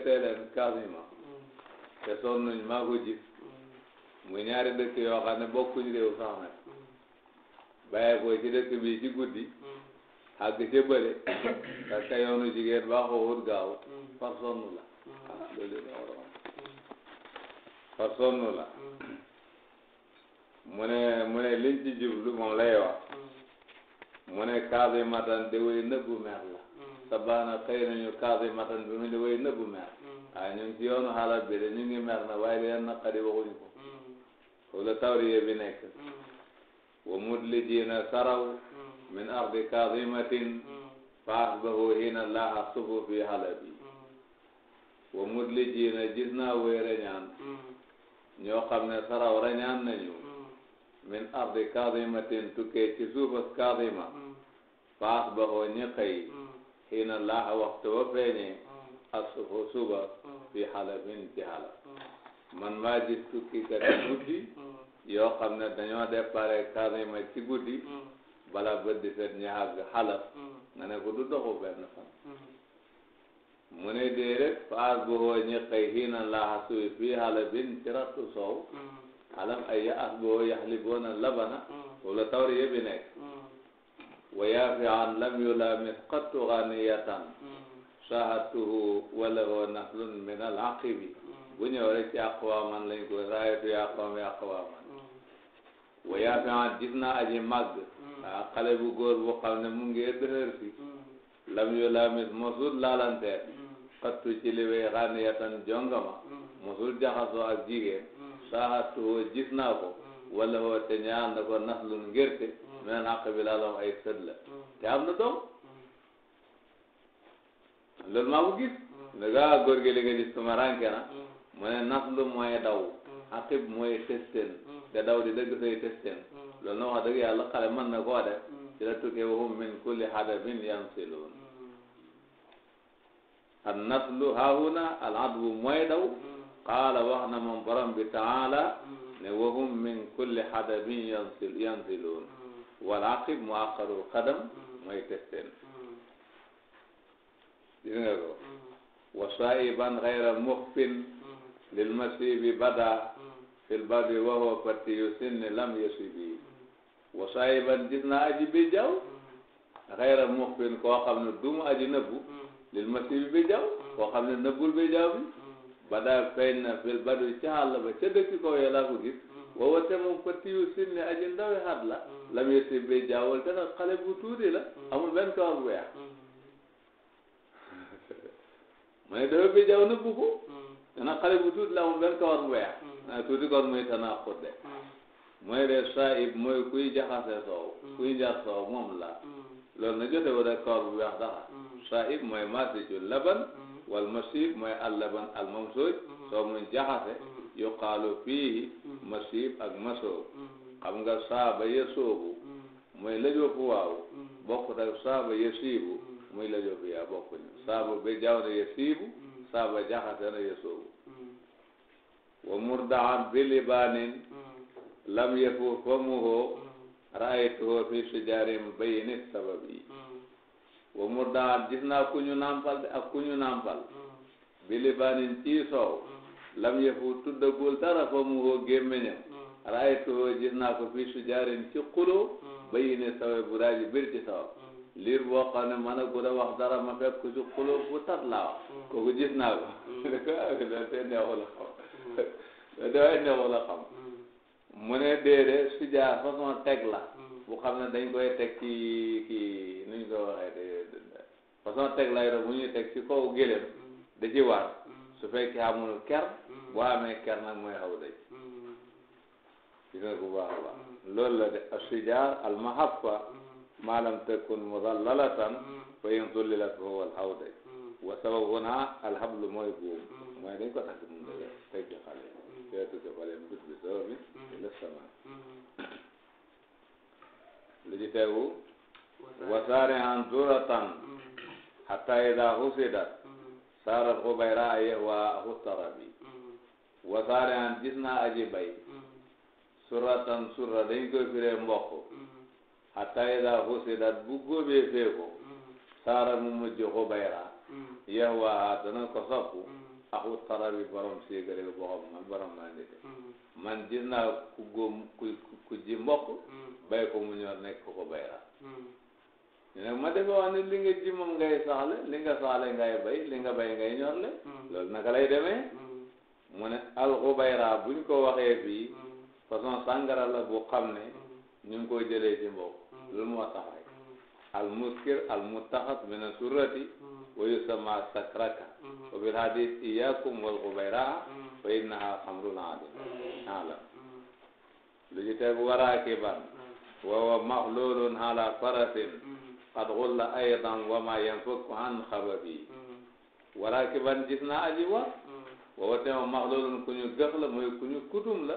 tekkatee leen kaasima mm. te sonn nañ maa ko gis mm. muy ñaari dëkk yoo xam ne bokkuñu réew sax nag mm. bàyyi ko ci dëkk bi ci guddi àgg ca bële parce que yoonu jigéen baaxoo wut gaaw far sonn la ah, loolu la war a wax far sonn la mu ne mu ne liñ ci jublu moom lay wax mu ne kaasima tan de wéy nëbbu mer la sabaana xëy nañu kaasi matan bi mu ne way nëbbu mer waaye mm. ñu ngi ci yoonu bi de ñu ngi mer na waaye leen naqari waxuñu ko mm. la tawriye bi nekk mm. wa mudlijiina saraw min ardi kaasimatin fa asbahu hina laaha sufu fi halabi wa mudlijiina gis naa way reñaan ñoo xam ne saraw reñaan nañu min ardi kaasimatin tukkee ci suufas kaasima fa asbahu ñi xëy xiina laaxa waxtu wa feeñee mm. asuba suba mm. fi xalafin ci xalaf mm. man maa gis tukkikat yi guddi yoo xam ne dañoo dépare Karima ci guddi bala bët di set ñu àgg xalaf nga ne ko du doxu benn fan mu ne dee rek faas bu hoo ñi xëy xiina laaxa subi fi xalafin ci rattu soow xalaf ay ya as bu hoo yaxliboona labana foofu tawri yëpp nekk wa yaafian lam yulaamit qattu ghaniyatan saahatuhu walahu naslun min al aqibi bu ñëw rek ci aqwaman lañ ko saayatu ya qawmi aqwaman wa yaafian gis naa aji màgg ah xale bu góor bu xam ne mu ngi dëhër si lam yulaamit mosul laalante qattu ci li way ghaniyatan jongama mosul jaxasoo ak jigéen saahatuhu gis naa ko walahu te ñaan na ko naslun ngerte mu ne naq bi laaloom ay sët la te am na doom loolu maa ko gis ne gaa góor gi li nga gis suma ranke na mu mooy daw aqib mooy testeen te daw di dëgg say testeen loolu na wax dëgg yàlla xale mën na koo def ci la tukkee wahum min kulli hadabin yansiluun an naslu haahuna al adbu mooy daw qaala wax na moom borom bi taala ne wahum min kulli hadabin yansiluun wal aqib mu aqarul xadam mm-hmm. mooy testeen mm-hmm. gis nga ko mm-hmm. wa saiban xayra lil masibi bada fil badi wa huwa yu sinni lam yasibi wa saiban gis naa aji bi jaw xayra muxfin koo xam ne dumu aji nëbbu lil masibi bi jaw koo xam ne nëbbul bi jaw bi bada feeñ na fil badi ca àll ba ca dëkk koo yàlla ko gis waaw te moom pëtt yu sinni aji ndawi xat la mm. la muy si bay jaawal te nag xale bu tuuti la amul benn kawar bu weex mu mm. ne dafa bay jaaw nëbbu ko te nag xale bu tuuti la amul benn kawar bu weex naa tuuti kon muy tanaaxut de mm. mooy de saib mooy kuy jaxase soow kuy njar soow moom la loolu na jote wala kawar bu weex dara saib mooy masiju laban wal masib mooy al laban al mamsuuj soo muy jaxase yuqaalu fii mm-hmm. masib ak masoob mm-hmm. xam nga saaba ya soobu mm-hmm. mooy la joofu waaw bokkut ak saaba ya siibu muy la joofu yaa bokkuñu saaba ba jaw na ya saaba jaxase na wa murdaan bi libaanin lam yafu famuhu raaytuhu fi sijaarin bayni sababi wa murdaan gis naa ku ñu nàmpal de ak ku ñu nàmpal bi libaanin ci soow lam yefu tuddagul dara fa mu woo gémmiñam mm. raay tuho naa ko fii sujaarin ci xuloo mm. bayi ne sawe bu raaji bir ci sawab mm. liir ne man a gud a wax dara ma fekk ko ci xuloo bu tat laa naa ko loolu te neexu la xam loolu dafay neexu la xam mu ne déedéet sujaar façon teg la bu xam ne dañ koy teg ki kii nuñ ko waxee façon teg lay doon bu ñuy teg ci kaw gélém da ci war su fekkee amul ker mm. boo amee ker nag mooy xaw daj ci mm. nga ko baax a mm. la de asijaar al mahabba maalam takun mudallalatan fa in dullilat fa huwa al xaw daj wa sababuna al hablu mooy buum mooy dañ ko takk moom dëgg teg ci xale teetu ci xale mbit bi sababi ila sama lu ci tegu wasaare an duratan hatta ida husidat a xubayra aye waa xustarabi mm-hmm. wasaare an gis naa aji bay mm-hmm. suratan surra dañ koy firee mboq mm-hmm. hatta ida xusidat bu góobee feeko saara mu mujj xubayra yeex waa dana ko soppu ak xustarabi borom siigale boxam man borom mandite man gis ku góom ku ku ji mboq bay ko mu ñor nekk xubayra ñu ma defe wax ne li nga ji moom ngay saxle li nga saxle ngay bay li nga bay ngay ñorle hmm. loolu naka lay demee hmm. mu ne alxubayra buñ ko waxee fii hmm. façon sàngara la bu xam ne ñu ko jële jëlee ci moo tax rek al muskir al mutaxas min asurrati wa yusamma sakraka wa bil hadis iyakum wal xubayra fa innaha xamrun adin alam lu ci teg waraakiban wa wa maxlulun ala farasin qad xulla aydan wa ma yanfaku an xababi waraakiban gis naa aji war wa watema maxlulun ku ñu gëf la mooy ku ñu kutum la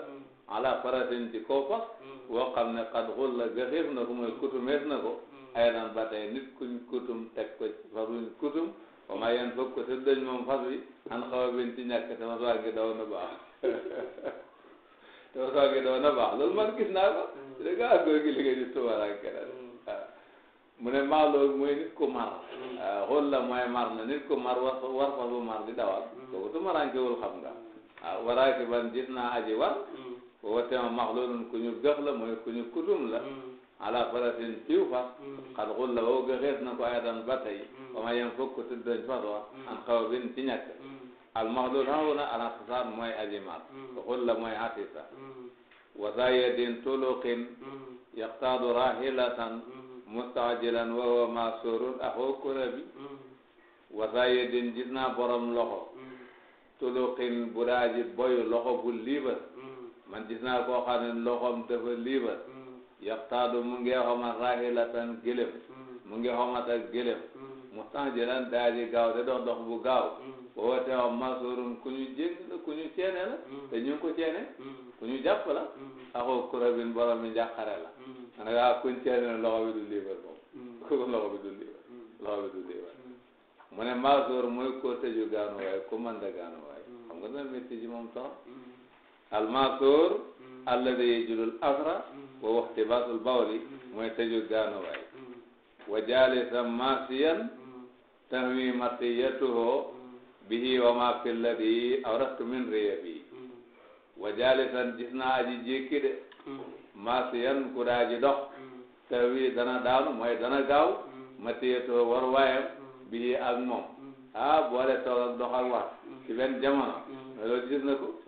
ala faratin ci kaw fas woo xam ne qad xulla gëxiif na ko mooy kutumeef na ko aydan ba tey nit kuñ kutum teg ko faruñ kutum wa ma yanfaku te dañ moom fas bi an xababin ci ñàkk sama soir gi daw na baax sama soir gi daw na baax loolu man gis naa ko da nga àggoo gi li nga gis tubaaraak keneen mu ne maa loolu mooy nit ku mar mm. ah, xool la mooy mar nit ku mar war war fa bu mar di dawal mm. kooku du marankewul xam nga waaw ah, waraaki ban gis naa aji war wa mm. tema max loolun ku ñu gëx la mooy ku ñu kutum la ala farasin ciw fas xat xul la wow gëxees na ko ayatan ba tey ba ma yem fokk tudd dañ fas wa an xaw bin ci ñàkk al max loolu xam wuna alasasaan mooy aji mar xul la mooy atisa wasaya din tuluqin yaxtaadu rahilatan mustajilan wa huwa masurun axoo kurabi mm-hmm. wasayidin gis naa borom loxo mm-hmm. tuluqin buraaji boyu loxo bu liibar mm-hmm. man gis naa koo xam ne loxoom dafa liibar yaxtaadu mu ngi xomat rahilatan gélém mu ngi xomat ak gélém mustajilan daaji gaaw de dox dox bu gaaw booba te am masurun ku ñu jégg la ku ñu ceene la mm. te ñu ko ceene mm. ku ñu jàpp la mm. axoo kurabin borom mi njàqare la ma ne ah kuñ ceene loxo bi du liibar moom kooku loxo bi du liibar loxo bi du liibar mu ne masur mooy koo tëju gaanu waay ku manda gaanu waay xam nga dina métti ji moom toor al masur alladi yejulul asra wa waxti basul bawli mooy tëju gaanu waay wa masiyan tahwi matiyatuhu bihi wa ma fi alladi awrastu min riyabi wa jalisan gis aji jékki de masiyan ku daa dox te wii dana daanu mooy dana gaaw ma téyetoo bihi ak moom ah boole toog dox ak war ci benn jamono na ko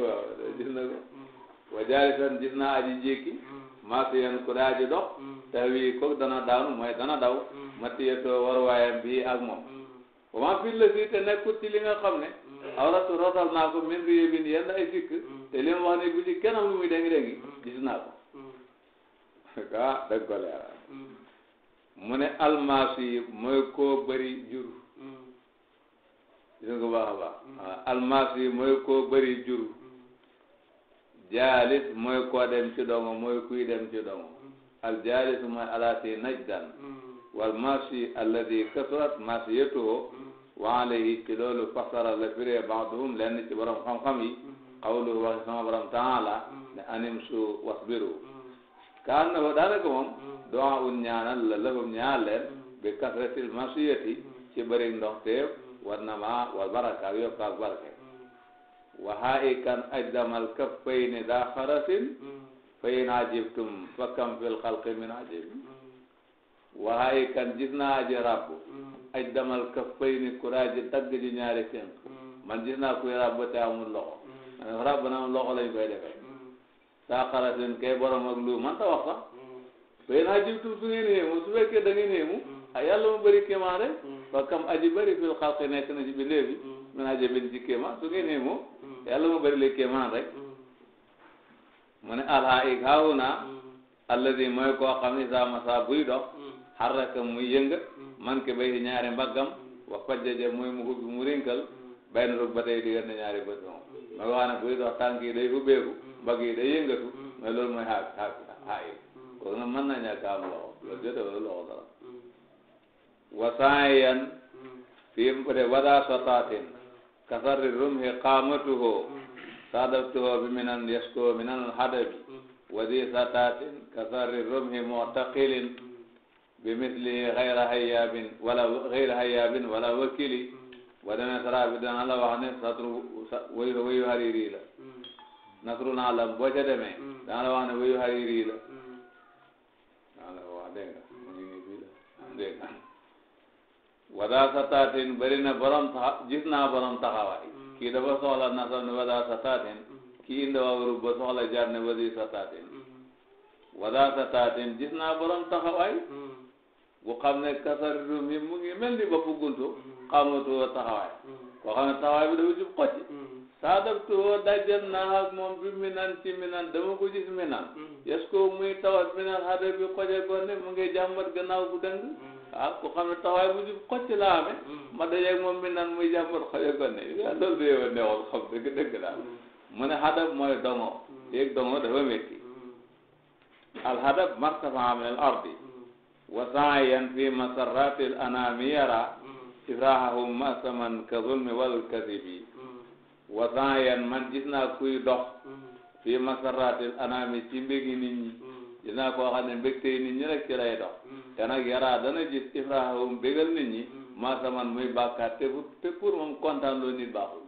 waaw ko wa jalisan gis naa aji jékki masiyan ku daa dox te wii kooku dana daanu mooy dana daw ma téyetoo bihi ak moom comment fii la te nekkut ci li nga xam ne. Mm. aw la su naa ko min riyabin yenn ay sikk. Mm. te li mu wax ne bu ci kenn am muy dengi dengi mm. gis naa ko. ah dëgg ko leeral. mu ne almaas mooy koo bëri jur. gis ah, mooy koo dem ci dongo mooy kuy dem ci dongo. al jaalis mooy alaati najdan. wal maas yi alladi kasurat maas waalehi ci loolu fasara la firee baaduhum lenn ci borom xam-xam yi xawlu waxi sama borom taala ne anim su wasbiru kaan na ko daanaka moom doa un ñaanal la lëfam ñaal leen bi kasratil masiyati ci bëri ndox teef war na ma wal baraka yokk ak barke wahaa i kan ajdamal kaffayni daa xarasin fa in ajibtum fa kam fil xalqi min ajib waxaayi kan gis naa aji ràbb mm. aj damal këf fay ni kuraa ji dagg ji ñaari tënk mm. man gis naa kuy ràbb te amul loxo mm. man ràbb na loxo lañ koy defee saa xalatin kay borom ak lu man ta wax sax fay naa jibtum su ngeen yéemu su fekkee da ngeen yéemu ah yàlla mu bëri kéemaan rek fa kam aji bëri fil xalqi nekk na ci bi léegi min ajabin ci kéemaan su ngeen yéemu yàlla mu bëri le kéemaan rek mu ne alhaa ik haahuna alladi mooy koo xam ne saa masa buy dox xarraka muy yënga mm. man ki bay ñaari mbaggam mm. wa fajjaja muy mu hubbi mu rinkal mm. bay na rug ba tey diggante ñaari bët moom mooy wax ne buy dox tànk yi day hubbeeku mbagg yi day yëngatu mais loolu mooy xaak xaak xaayi kooku nag mën na ñàkk am loxo loolu jote wala loxo dara wasaan yan fii mu de wada sotaatin kasarri rumhi qaamatuhu sadabtuhu bi minan yasko minan hadabi wadi sotaatin kasarri rumhi mu'taqilin bi misli xayra hayaabin wala xayra hayaabin wala wakili boo demee sara la wax ne satru wayu hariri la nasru naa la boo ca demee la wax ne wayu hariri la dana la wax dégg nga mu ngi nii sataatin bëri borom taxa gis naa borom taxawaay kii dafa soxla nasab ne sataatin kii indi waa wurub ba soxla jaar ne wasi sataatin wadaa sataatin gis naa borom taxawaay bu xam ne kasar mi mu ngi mel ni boppu guntu mm-hmm. xamatu woo taxawaay mm-hmm. koo xam ne taxawaay bi dafa jub xocci mm-hmm. saadabtu woo dajjal naa ak moom bi minan ci minan dama ko gis minan yes ko muy tawat minan xade bi xoje gonde mu ngi jàmbat gannaaw bu dëng ah ku xam ne taxawaay bu jub xocci laa amee ma dajeeg moom minan muy jàmbat xoje gonde loolu de yow neexoon xam dëgg dëgg daal mu ne xadab mooy dongo yéeg dongo dafa métti al xadab martaba min al ardi wasaayan fi masarratil anami yara israhahum masaman ka zulmi wal kasibi wasaayan man gis naa kuy dox fi masarratil anami ci mbégi nit ñi gis naa koo xam ne mbégtey nit ñi rek ci lay dox te nag yara dana gis israhahum bégal nit ñi masaman muy bàkkaar te te pour moom kontaan loo nit baaxul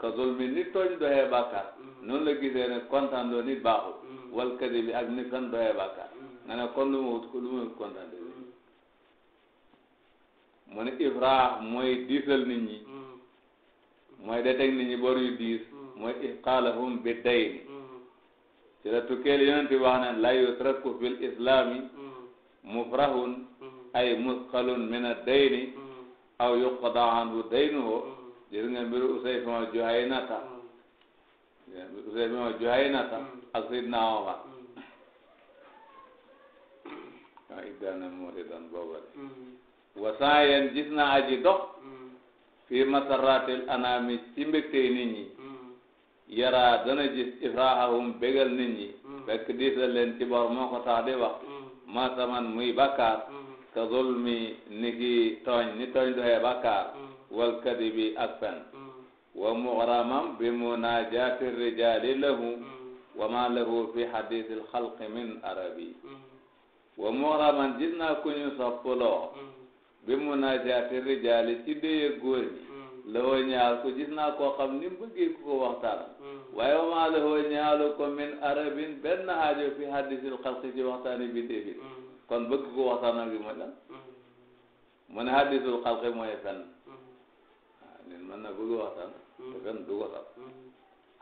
ka zulmi nit tooñ doxee bàkkaar noonu la gisee ni kontaan loo nit baaxul wal kasibi ak ni kan doxee bàkkaar nga ne kon lu ma wut lu ma wut kontaan mu ne ifraax mooy diisal ñi mm-hmm. mooy de teg ñi bor yu diis mm-hmm. mooy ifqaalahum bi dayni mm-hmm. ci la tukkeel yonent bi wax ne fil islami mufrahun ay musqalun min ad-dayni aw yuqda anhu daynuhu jërë nga mbiru Usayfama Juhaynata Usayfama Juhaynata ak Sidna Omar ah iddaanal muridan boobale mm-hmm. wasaayen gis na aji dox mm-hmm. fii masarratil anaami ci mbégtey nit ñi mm-hmm. yara dana gis ifraahahum bégal nit ñi fekk diisal leen ci bor moo ko tax di wax ma saman muy bàkkaar ka zulmi ni ki tooñ ni tooñ doxee bàkkaar wal kadibi ak fen wa muxramam bi munaajaati rijaali lahu wa ma lahu fi xadiisil xalqi min arabi wa muhraman gis naa ku ñu soppaloo mm. bi munajaati rijaali ci déye góor ñi mm. la woo ñaal ko gis naa koo xam ni bëggee ku ko waxtaan mm. waaye wa maa la woo ñaalu ko min arabin benn aajo fi hadisil xalqi ci waxtaani bi défi kon bëgg ko waxtaan ak bi mooy mu ne hadisul xalqi mooy fenn waaw nit mën na bëgg waxtaan te fenn du ko sax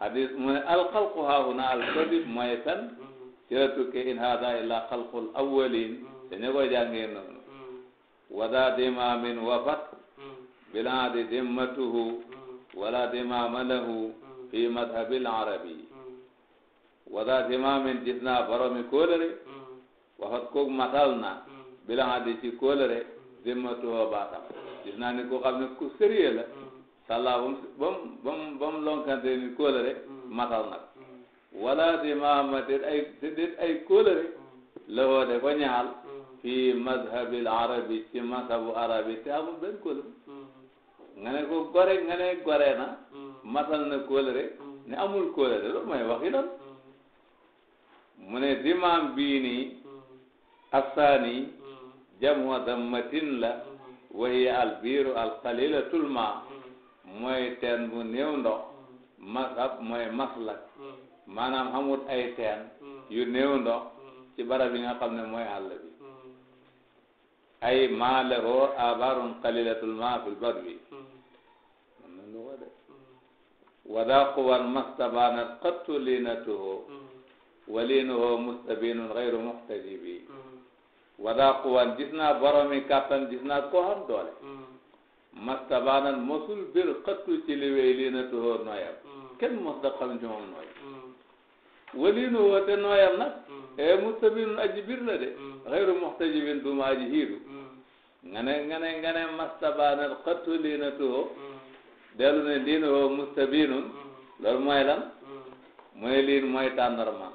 hadis mu ne alxalqu haahuna alkadib mooy fenn ci la tukkee in haada illa xalqul awwalin dañu ko jàngee noonu wada dimamin wafat bilaadi dimmatuhu wala dimama lahu fi madhabil arabi wada dimamin gis naa boromi kóolëre wafat koog matal na bilaadi ci kóolëre dimmatuhu baatam gis naa ni ko xam ne ku sérieux la sàllaa ba mu ba mu ba mu lonkante ni kóolëre matal nag wala si maama déet ay déet ay kóolare mm. la woo ko ñaal mm. fii mazhabil arabi ci mazhabu arabi te amul benn kóolare mm. nga ko gore nga gore na matal na kóolare ne amul kóolare loolu mooy waxi lan mu ne dimaam bii nii asaani jamu dammatin la wa hiya albiiru alqalilatul ma mooy teen bu néew ndox mazhab mooy maslak maanaam amut ay teen mm. yu néew ndox mm. ci barab yi nga xam ne mooy àll bi mm. ay maa lahoo abarun qalilatul maa fil barri wadaaqu wal mastabaanat qattu liinatuhu waliinuhu mustabiinun gayru muxtajibi wadaaqu wan gis naa boromi kàttan gis naa koo xam doole mastabaanat mosul bir qattu ci liwéy liinatuhu noyam kenn mos da xam ci moom noyam waliinu woo te nooyal nag mm. e eh, mustabinun aji la de mm. xayru muxtajibin du ma aji hiidu mm. nga ne nga ne nga ne mastabanal xattu liina tuho dellu ne liina woo mustabinun loolu mooy liin mooy tàndarma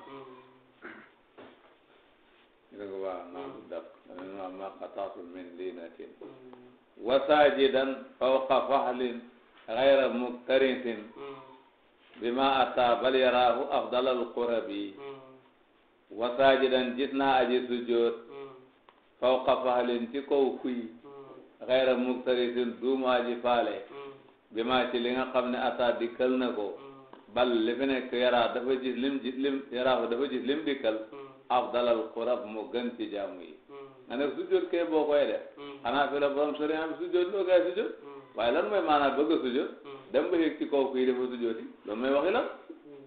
dëgg waa maa dab ma ma qataatu min bima ata bal yaraahu afdalal qurabi wa saajidan gis naa aji sujjoot fawqa fahlin ci kaw kuy xayra muktarisin duuma ji faale bima ci li nga xam ne ata dikkal na ko bal li fi nekk dafa gis lim dikkal afdalal qurab mu gën ci jaamu yi nga ne sujjoot kay boo koy def xanaa fi borom sori sujjoot loo koy sujjoot waaye lan mooy maanaam bëgg sujjoot dem ba yëg ci kaw kuy sujjooti loolu may waxi mm.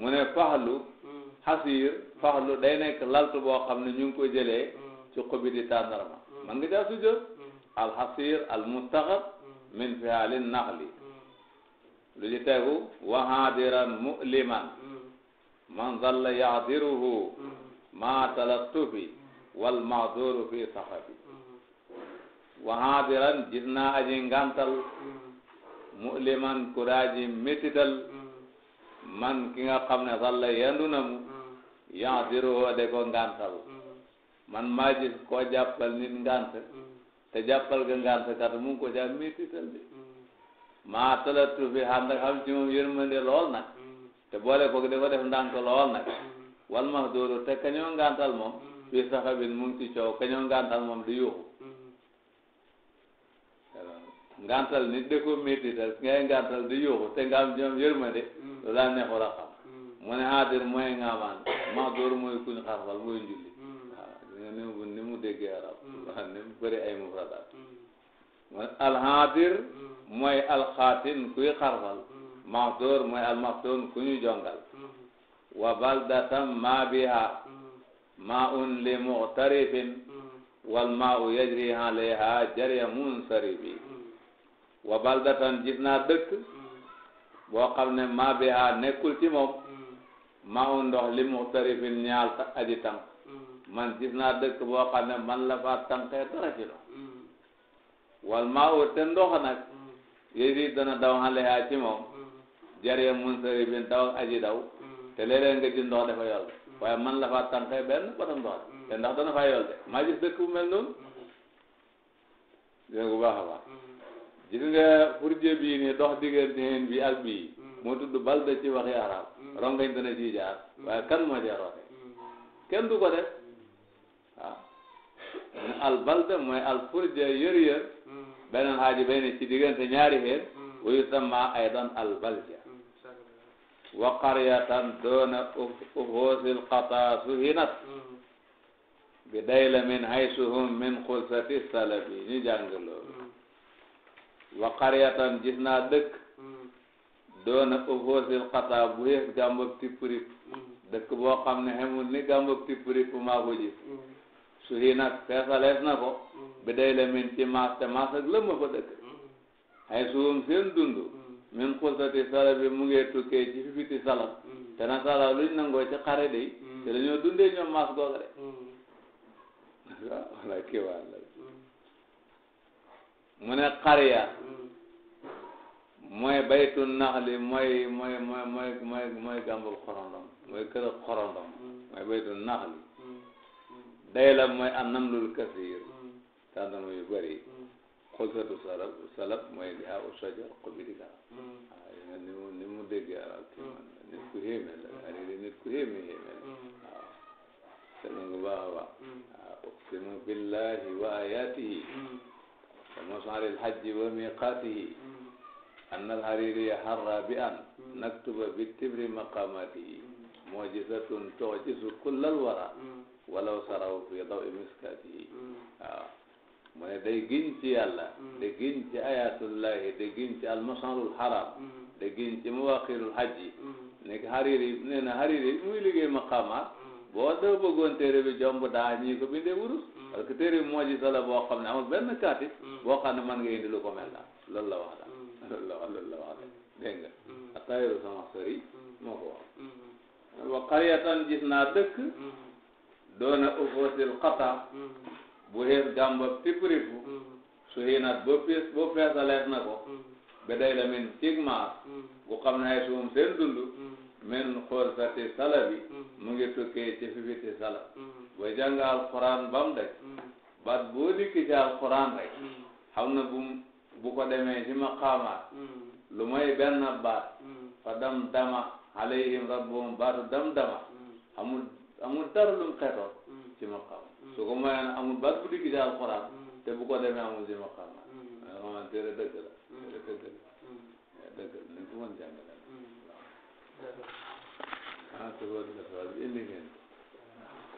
mu ne faxlu mm. xasiir faxlu day nekk laltu boo xam ne ñu ngi ko jëlee mm. ci xobi di tàndarma man nga caa sujjoot al xasiir al mustaxab min fihaali naxli lu ci tegu wahaadiran muliman man zalla yaxdiruhu ma talattufi wal maxduru fi saxabi wahaadiran gis naa aji ngantal mu mu'liman kuraaji métital mm. man ki nga xam ne salla yendu na mu mm. yan zéro de ko ngantal mm. man maa gis koo jàppal nit ngant te jàppal ga ngant kat mu ngi ko ca métital de maa talatu fi xam nag xam ci moom yërmande lool nag te boole ko dafa def ndànk lool na wal mahduru te kañoo ngantal moom fi saxabin mu ngi ci coow kañoo ngantal moom di yuuxu ngantal nit de ko métti ngay ngantal di yuuxu te nga jom yërmande mm. lu la neexul a xam haadir mm. mooy ngaamaan mahdur mooy kuñ xarfal mooy njulli mm. waaw ni mu ni arab waaw mu bëri ay mufradaat mu ne alhaadir mooy alxaatin kuy xarfal mahdur mooy almaftun ku ñu jongal wa baldatam ma biha ma un li muxtarifin wal ma u yajri alayha jarya munsarifi wa baldatan gis naa dëkk boo xam ne maa bi haa nekkul ci moom maa u ndox li muxtarifin ñaal aji tànk man gis naa dëkk boo xam ne man la faa tànkee dara ci ndox wal maa u te ndox nag yéegi dana daw xale haa ci moom jaree munsarifin daw aji daw te léeg nga gis ndox dafa yol waaye man la faa tànkee benn bata ndox te ndax dana faa yol de maa gis dëkk bu mel noonu dégg nga baax a baax gis nga furje bii ni dox diggante heen bi ak bii mm. moo tudd balda ci waxi arab mm. rongañ dana ci jaar mm. waaye kan moo jaar waxe kenn du ko def waaw al balda mooy al furje yër yër beneen xaaji bay ne ci diggante ñaari heen wuyu sama aydan al balja wa qaryatan doona uxoosil qataasu hinat bi dayla min haysuhum min xulsati salabi ñu jàng loolu wa qaryatan gis naa dëkk hmm. doona ofosil xataa bu xees gàmbab tippurip hmm. dëkk boo xam ne xemul ni gàmbab tippurip maa ko gis hmm. su hi nag feesalees na ko bi day min ci maas te maas lëmma fa dëkk xay suum seen dund min xultati salab bi mu ngee tukkee ci fifiti salab te na salab luñ nangoo ci xare day te dañoo dundee ñoom maas googa de waaw wala kiiwaan mu ne xariya mm. mooy baytu naxli mooy mooy mooy mooy mooy mooy gàmbul xorondom mooy kër xorondom mm. mooy baytu naxli mm. day la mooy annamlul kasir tàndama yu bëri xulsatu salab salab mooy li a usajar xobidika waaw ni mu ni mu déggee arab ki man nit ku xéeme la ari nit ku xéeme xéeme la waaw sama nga baax a baax waaw uqsimu billahi wa ayatihi كمسعر الحج وميقاته أن الحريري حرى بأن نكتب بالتبر مقاماته معجزة تعجز كل الورى walaw saraw fi dawi miskatihi waaw mu ne day giñ ci yàlla da giñ ci ayatullahi da giñ ci almasarul haram da giñ ci mawaqirul hajji nekk hariri nee na hariri muy liggéey maqaamaat boo doo bëggoon téere bi jomb daa ñii ko bindee wurus parce que téere bi moo ji sala boo xam ne amul benn kaatib mm. boo xam man nga indi lu ko mel daal loolu la wax daal mm. loolu la wax loolu la wax mm. nga atayiru moo ko wax wa qaryatan gis naa dëkk doona ufosil xata bu xees gàmba piprifu su xiinaat boo fees boo na ko ba day la min cig maas bu xam ne ay suum seen sala bi mu ngi tukkee ci fifiti sala boo jàng alquran ba mu daj mm-hmm. baat boo dikki ci alquran rek mm-hmm. xam na bu bu ko demee ci maqaamaat mm-hmm. lu may benn baat fa dam dama alayhim rabbuhum baatu dam dama amul amul dara lu mu xetoon ci maqaama su ko mayoon amul baat bu dikki ci alquran te bu ko demee amul ci maqaamaat maanaam téere dëgg la téere dëgg la dëgg la ni ko mën jàngale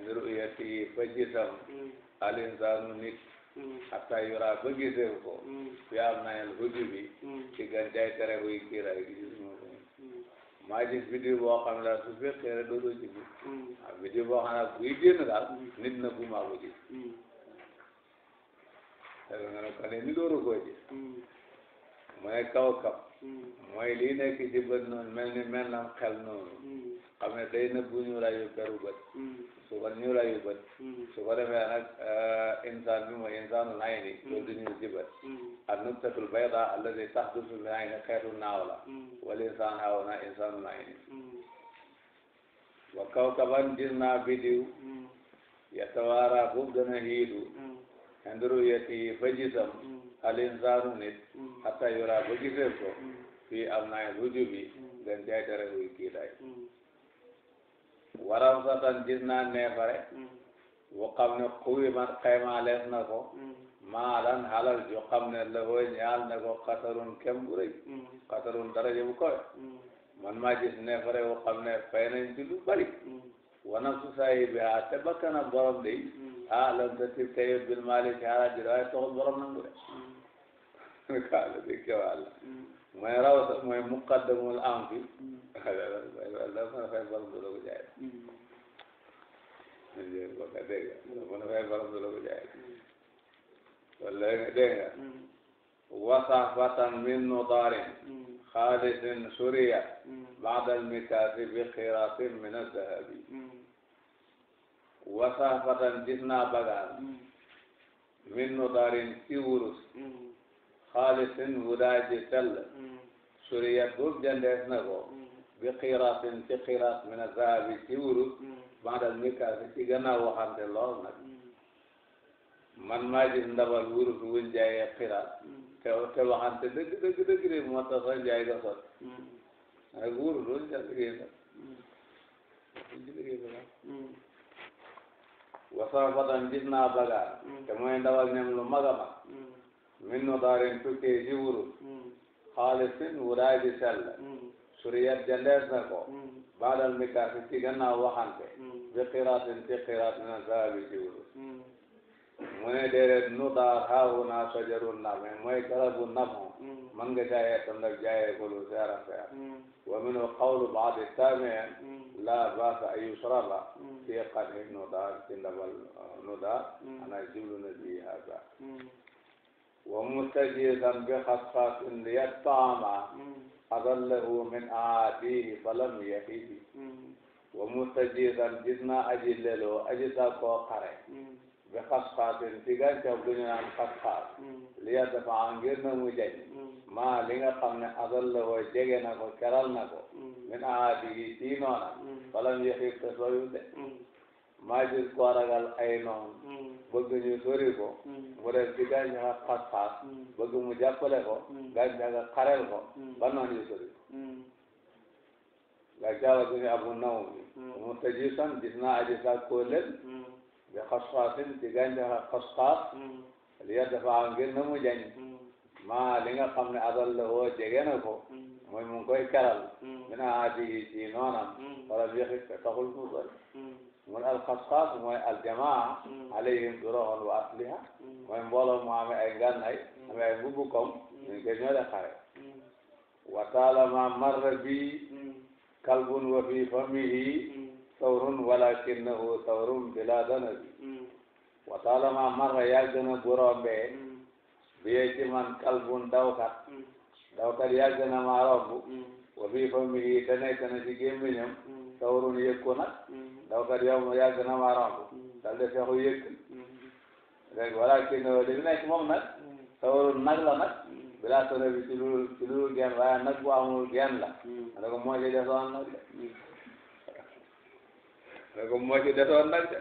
min ru'yati ba gisam mm. al insaanu nit mm. hatta yura ba gisee ko fi mm. am na el hujubi ci ganjaay tere buy kiira yi gis mu ko maa gis vidéo boo xam ne su fekkee rek dootoo ci gis ah vidéo boo xam ne buy génn nit na bu maa ko gis nga ne ko ne ni dooru koo gis mu ne kaw kaw Hmm. mooy lii nekk ci bët ni mel na xel noonu hmm. xam ne day nëbbu ñu rayu peru bët hmm. su ko ñu rayu bët su ko defee nag euh, insaan bi mooy insaanul ayni loolu du ñu ci bët ak nubtatul bayda alladi taxdusu min ayni xeetu naaw la wal insaan haawna insaanul ayni wa kaw kaban gis naa bidiw yatawaara boobu dana hiidu xenduru yeti fa gisam alinsaanu nit mm. hatta yura ba gisee ko mm. fii am naa rujubi gën mm. jaay tere wuy kiiday waram satan gis naa neefare bu xam ne xuwi man xaymaa lees na ko maa lan halal ju xam ne la koy ñaal na ko xatarun kem bu rëy xatarun daraja bu kowe man maa gis neefare bu xam ne fay nañ ci lu bari wana su sayi bi ha te bakkanam borom day ah lan sa tib tayo bil maali ci haraji waaye toxul borom nangu de kaala bi kewaal mooy raw sax mooy muqaddamul am bi wala mën a fay borom a fay borom naa bagaan min nudaarin ci wurus xaalisin wudaaji sell suriyat boobu jëndees na ko bi xiraatin ci xiraat min a zahabi ci wurus bandal mikaasi ci gannaaw waxante lool nag man maa gis ndabal wurus wuñ jaayee xiraat te te waxante dëgg dëgg dëgg de moo tax sax njaay ba wasaafatan gis naa bagaar te mooy ndawal ñam lu mag a min nu daarin tukkee ci wurus xaalisin hmm. wuraay di sell na hmm. ko hmm. baadal mikaasi ci gannaaw waxante bi xiraatin ci xiraat mina zahabi ci wurus mu ne déedéet nu daar haahuna sajarun name mooy garabu namo man nga jaayee tam nag jaayee ko lu seer a seer wa min u qawlu baadi taameen laa baasa an yusraba fi qadhi wa mustajizan bi xasxasin liyat taama mm. adallahu min aadihi falam yahihi mm. wa mustajizan gis naa aji lelo aji sa koo xare mm. bi xasxasin ci gàncax bu ñu naan xasxas liyat dafa ngir na mu jañ maa li nga xam ne adallahu jege na ko keral na ko min aadihi ci noona falam yahi te soyul maa gis ko ragal ay noon hmm. bëgg ñu sori ko hmm. mu def ci gàncax ak xas-xas hmm. bëgg mu jàppale ko gàncax ak xareel ko ba noon ñu sori ko gàncax la suñu abu naw bi mu tëji san gis naa aji sàkkoo leen bi xas-xasin ci gàncax ak xas-xas li ya dafa am mu jañ maa li nga xam ne adal la woo jege na ko mooy mu ngi koy karal mina aji ci noonam wala bi xis taxul mu sori mooy alxasaas mooy aljamaa mm. alayhim durohon wa asliha mm. mooy mbooloo mu amee ay ngànnaay mm. amee ay mbubu kom ñu koy ñoo de xare wa taalama marra bi kalbun wa fi famihi sawrun walakinahu sawrun bila danabi wa taalama marra yàgg na guroombee biyee ci man kalbun dawkat dawkat yàgg na maa romb wa fi famihi te nekk na ci gémmiñam dawrun yëg ko nag mm-hmm. daw kat yow ma yàgg na maa romb mm-hmm. dal di fexu yëg mm-hmm. léegi wala ki ne li nekk moom nag dawrun nag la nag bila solo bi ci lu ci lu genn waaye nag bu amul genn la ne ko moo ci desoon nag de ne ko moo ci desoon nag de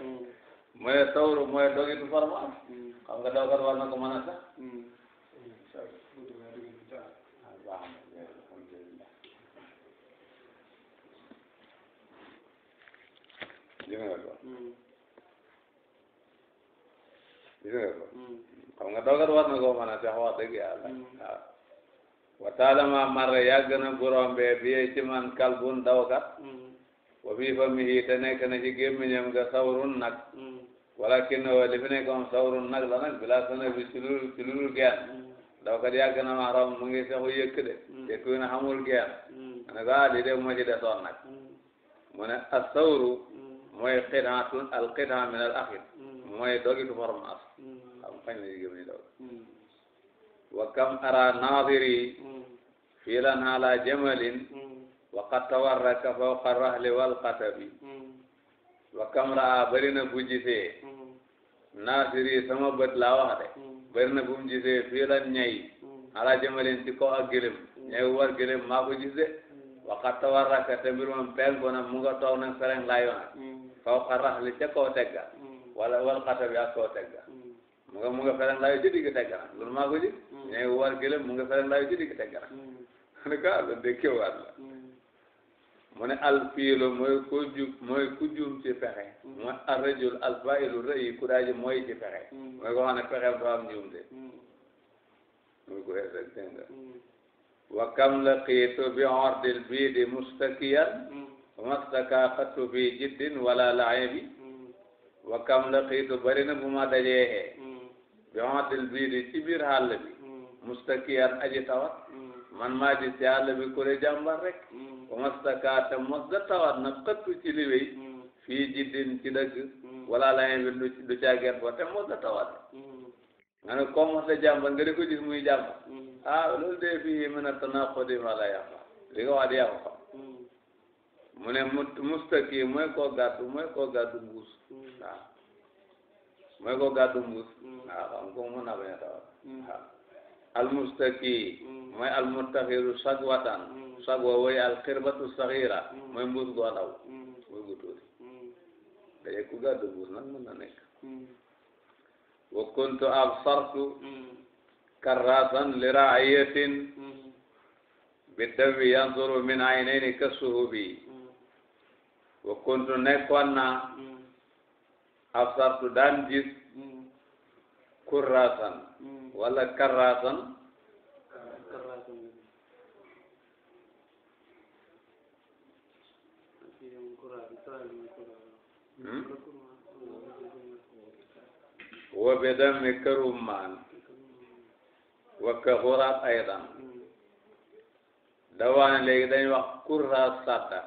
mooy dawru mooy dogitu forme am xam nga daw kat war na ko mën a sax gis nga ko. gis nga ko. xam nga dawkat war na koo mën a seq wax dëgg yàlla. Hmm. waaw wataalama marre yàgg na bu rombee bi man kalbun dawkat. Hmm. wa fii famihi te nekk na ci gémmiñam nga sawrun nag. Hmm. walakin wa li fi nekk moom nag la nag bila sana bi ci lu ci lu geen. dawkat yàgg na ma rom mu ngi sexu yëkk de. yëkk na xamul geen. ma ne ko ah lii de moo nag. mu ne asawru. mooy xidaatun al xidaa min al mm. mooy dogitu formaas mm. xam fañ la jigéen ñi dog wa ara naadiri mm. fiilan ala jamalin wa qad tawarraka fawqa rahli wal xatabi wa kam raa bëri na sama bët laa wax de bëri na bu ala jamalin ci kaw ak gëlëm ñay war waxata warraka te mbir moom penku na mu nga toog nag sereng layoon faw hmm. ka rax li ca kaw tegga hmm. wala wal xata bi ak kaw tegga hmm. mu nga mu fereng layo ci digg tegga nag loolu maa ko fereng layo ci digg tegga nag ne ka loolu de kéwaat la mu ne alfiilu mooy ku jub mooy ku juum ci pexe mooy arrajul alfailu rëyi ku daaji mooy ci pexe mooy ko xam wa kam laqiitu bi ordil biidi mustakiyan wa mastakafatu bi jiddin wala laabi wa kam laqiitu bari na bu ma dajee bi ordil biidi ci biir àll bi mustakiyan aji tawat man maa ji ci àll bi ku de jàmbar rek wa mastakata mos da tawat na xëttu ci li wéy fii jiddin ci dëgg wala laabi lu du caaget ba te mos da tawat ma ne ko mos a jàmba nga di ko gis muy jàmba mm. ah loolu de fii mu ne tanaqudi ma la yàqa li nga wax di yàqu xam mm. mu ne mustaki mooy koo gàddu mooy koo gàddu mbuus mm. waaw mooy koo gàddu mbuus waaw xam ko mën naa bañ a tawal waaw almustaki mooy almuttaxiru sagwatan sagwa woy alxirbatu saxira mooy mbuus goo ndaw mooy gu tuuti daje ku gàddu mbuus nag mën na nekk wa kuntu absartu karrasan li raayatin biddawi yanzuru min aynayni ka suhubi wa kuntu nekkoon na absartu daan gis kurrasan wala karrasan hmm wa bi dammi karummaan wa ka xuraat aydan dawaane léegi dañ wax kuraas sàtta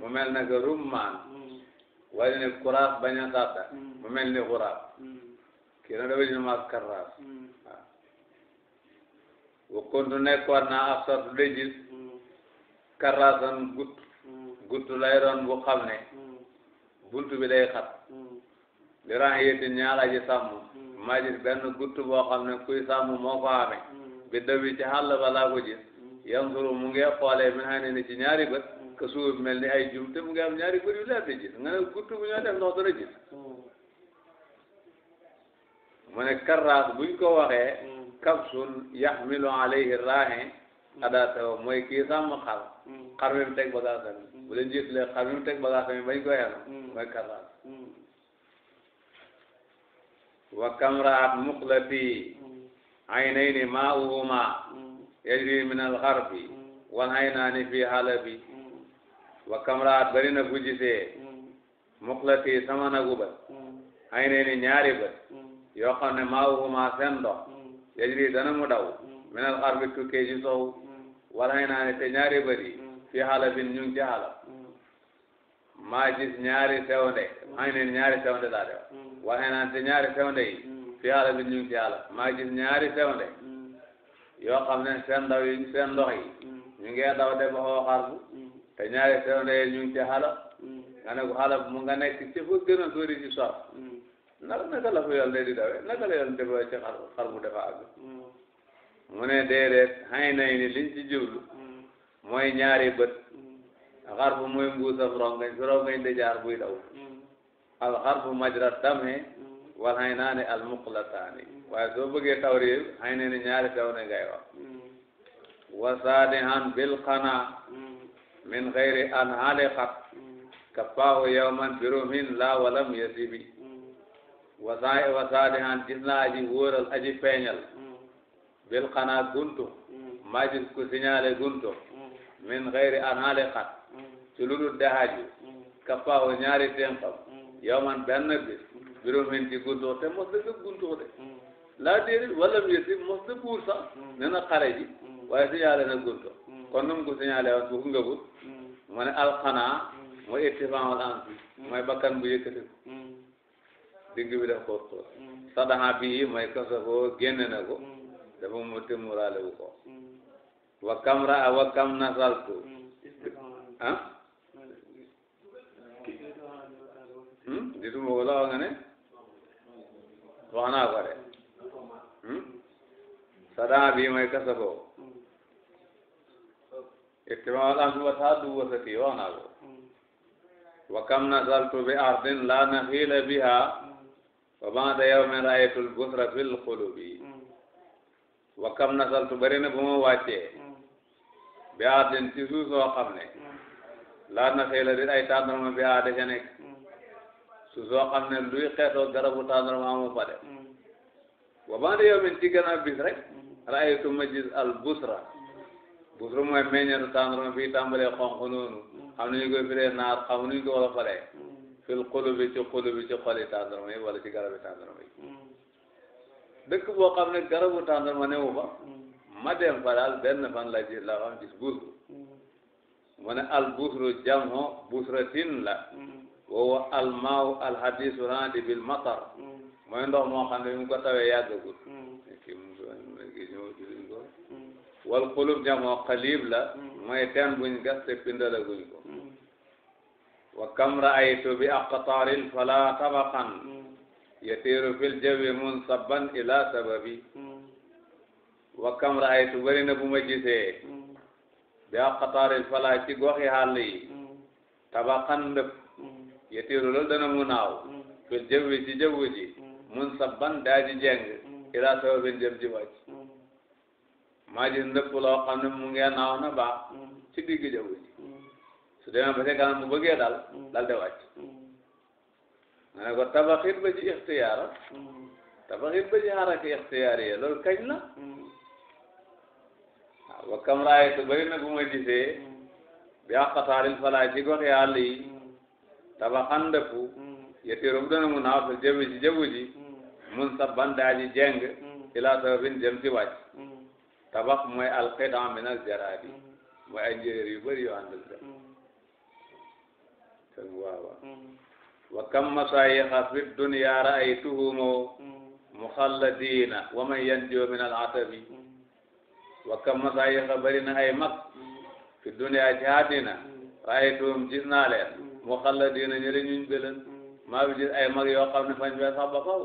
mu mel na ka rummaan waaye ne kuraas bañ a mu mel ni xuraat kii na dafa ñu maas karaas wa kontu nekkoon naa absatu de gis karaasan gutt gutt lay doon bu xam ne buntu bi day xat li ran yéeti ñaala ji sàmm hmm. maa gis benn gutt boo xam ne kuy sàmm moo ko amee hmm. bi dawi ci xàll ba ko gis hmm. yanzuru mu ngi xoolee min xane ne ci ñaari bët ka mel ni ay jum mu ngi am ñaari bët yu leer di gis nga ne gutt bu ñoo buñ ko waxee kapsul yaxmilu alayhi raahin adaatahu mooy kii sàmm xar xar mi mu teg bagaasam bu leen jiitlee xar mi mu teg bagaasam bañ ko yenu mooy karraas wa kamraat muqlati aynayni maa'uhuma yajri min alxarbi wal aynaani fi halabi wa kamraat bari na ku gisee muqlati sama nagu bët aynayni ñaari bët yoo xam ne maa'uhuma seen ndox dana mu daw min alxarbi tukkee ci sow wal aynaani te ñaari bët yi fi halabin ñu ngi ci halab maa gis ñaari sewnde maa ngi ne ñaari sewnde laa de waxee naan te ñaari sewnde yi fi yàlla bi ñu ci yàlla maa gis ñaari sewnde yoo xam ne seen ndaw yi seen ndox yi ñu ngi daw de ba xoo xarbu te ñaari sewnde yi ñu ngi ci ne ko xala mu nga nekk ci fa gën a sori ci soor naka naka la fa yoon de di dawee naka la yoon de ba ci xar xarbu dafa àgg mu ne déedéet xëy na ni liñ ci jublu mooy ñaari bët alxarbu mooy mbuus ab rongañ su rongañ di jaar buy daw alxarbu majra damhe wal xay naa ne almuqlataani waaye soo bëggee tawriir xay ne ne ñaari taw ne ngay wax bil xanaa min xayri an xaaliqat kappaahu yawman birumin laa walam yasibi wasaa wasaadihan gis naa aji wóoral aji feeñal bil xanaa guntu maa gis ku signalé guntu min xayri an xaaliqat ci lu dul dahaju mm. kappaawu ñaari tempam mm. yow man benn bis biroom mm. hen ci guntuux te mos dëgg guntuux de laa déedéet wala mu yësi mos de buur sax ne na xare ji waaye signalé na guntuux kon nu mu ko signalé woon bu nga but ma ne alxanaa mooy ittifaawul ansi mooy bakkan bu yëkkati ko digg bi def ko xóot sadaxa bii mooy kasafoo génne na ko dafa mu te muraale wu ko wa kam ra wa kam nasaltu gisuma hmm? ko la wax nga ne wax naa ko de hmm? sadaa bi may kasaboo ictimaal amsuma taa du wasati wax ko wa kam nasaltu bi ardin la naxiila biha wa baada yawmin raaytul busra fil xulubi wa kam nasaltu bari na bu ma wàccee bi ardin ci suuf soo ne la naxiila di ay tàndarma bi aa su soo xam ne luy xeetoo garabu tàndarma mu fa def mm. wa ba de yow min ci gannaaw bis rek mm. raaytu ma gis al busra busra mooy meññeetu tàndarma fii tàmbalee xonq noonu mm. xam nañu koy firee naar xam nañu ko wala fil xulubi ci xulubi ci xoli tàndarma yi wala ci garabi tàndarma yi dëkk boo xam ne garabu tàndarma newu fa ma dem fa daal benn fan la gis busru mu ne al busru jam ho busratin la woowa almaaw alhadisu randi bil matar mm. mooy ndox moo xam ne bi mu ko tawee yàggagul mm. kii mosgiñëwjuriñ ko mm. wal xulub jamoo xalib la mooy teen buñ gas te pindalaguñ ko wa kam raaytu bi aqtarin fala tabaqan yatiru fil jawi munsaban ila sababi wa kam raaytu bëri na bu ma gisee bi aqtarin fala ci goxi xàll yi tabaqan ndëpp yetiiru loolu dana mu naaw fil mm. jawwi ci jawwu ji mm. mun sabban daa ji jeng mm. ilaa sababin jëm ji wàcc maa gis ndëpp loo xam ne mu ngi naaw na baax ci digg jawwu ji su demee ba ca mu bëggee dal dal de wàcc nga ne ko tabaxit ba ci ixtiyaara tabaxit ba ci xaraka ixtiyaari loolu kañ la waaw wa kam raayatu bëri ma gisee bi àqataalil falaa ci gox yàlla yi tabaxan ndëkku hmm. yetirum dana mu naaw sa jëmi ci jëmu ji hmm. mun sa bandaaji jeng hmm. ilaa sababin jëm ci wàcc tabax mooy alxidan min aljaraadi mooy ay njéeréer yu bëri yoo àndal dem ten waawa wa kam masayixa fi dunya raaytuhumo muxalladina wa man yanjoo min alasabi wa kam masayixa bëri na ay mag fi dunya ci àddina raaytuhum gis naa leen muxalladiina ñu ne ñuñ bëlën maa ngi gis ay mag yoo xam ne fañ fee sax ba faw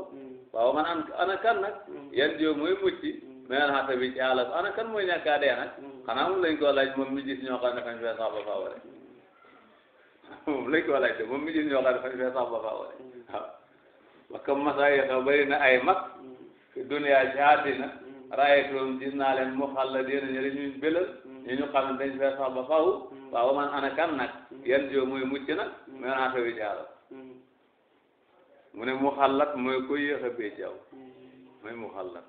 waaw man an ana kan nag yan joo mooy mucc meneen xata bi ci àll ana kan mooy ñàkk a dee nag xanaa moom lañ koo laaj moom mi gis ñoo xam ne fañ fee sax ba faw rek moom lañ koo laaj de moom mi gis ñoo xam ne fañ fee sax ba faw rek waaw parce que masaa yi bëri na ay mag fi duniyaa ci àddina raayatoon gis naa leen mu xàll dina ñu ñu bëlal ñu mm. ñu xam ne dañ fee sax ba faw mm. waaw man ana kan nag mm. yan joo mooy mucc nag mu naa tawi jaaro mu ne mu xàllat mooy ko yéex a bee jaww mooy mu xàllat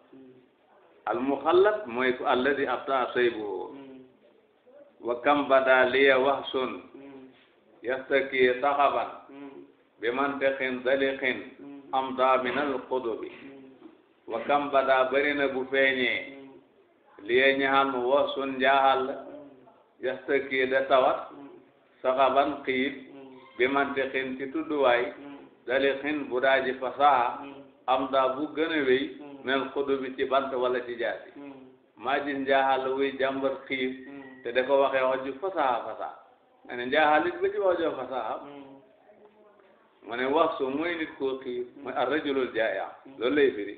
al mu xàllat mooy ko alladi abta saybuhu wa kam bada wax sun yastaki saxaban bi man texin daliqin am daaminal xudubi wakam bada bari na bu feeñee liye ñaxal mu wax sun njaaxal yasta kii da tawat saxaban xiif bi mante xin ci tudduwaay dali xin bu daaji fasaha am daa bu gën a wéy mel xudu bi ci bant wala ci jaasi maa ji wuy jàmbar xiif te da ko waxee wax fasaha fasaha nga ne njaaxal ba ci wax fasaha mu ne wax su muy nit koo xiif mooy ar rajulul jaaya loolu lay firi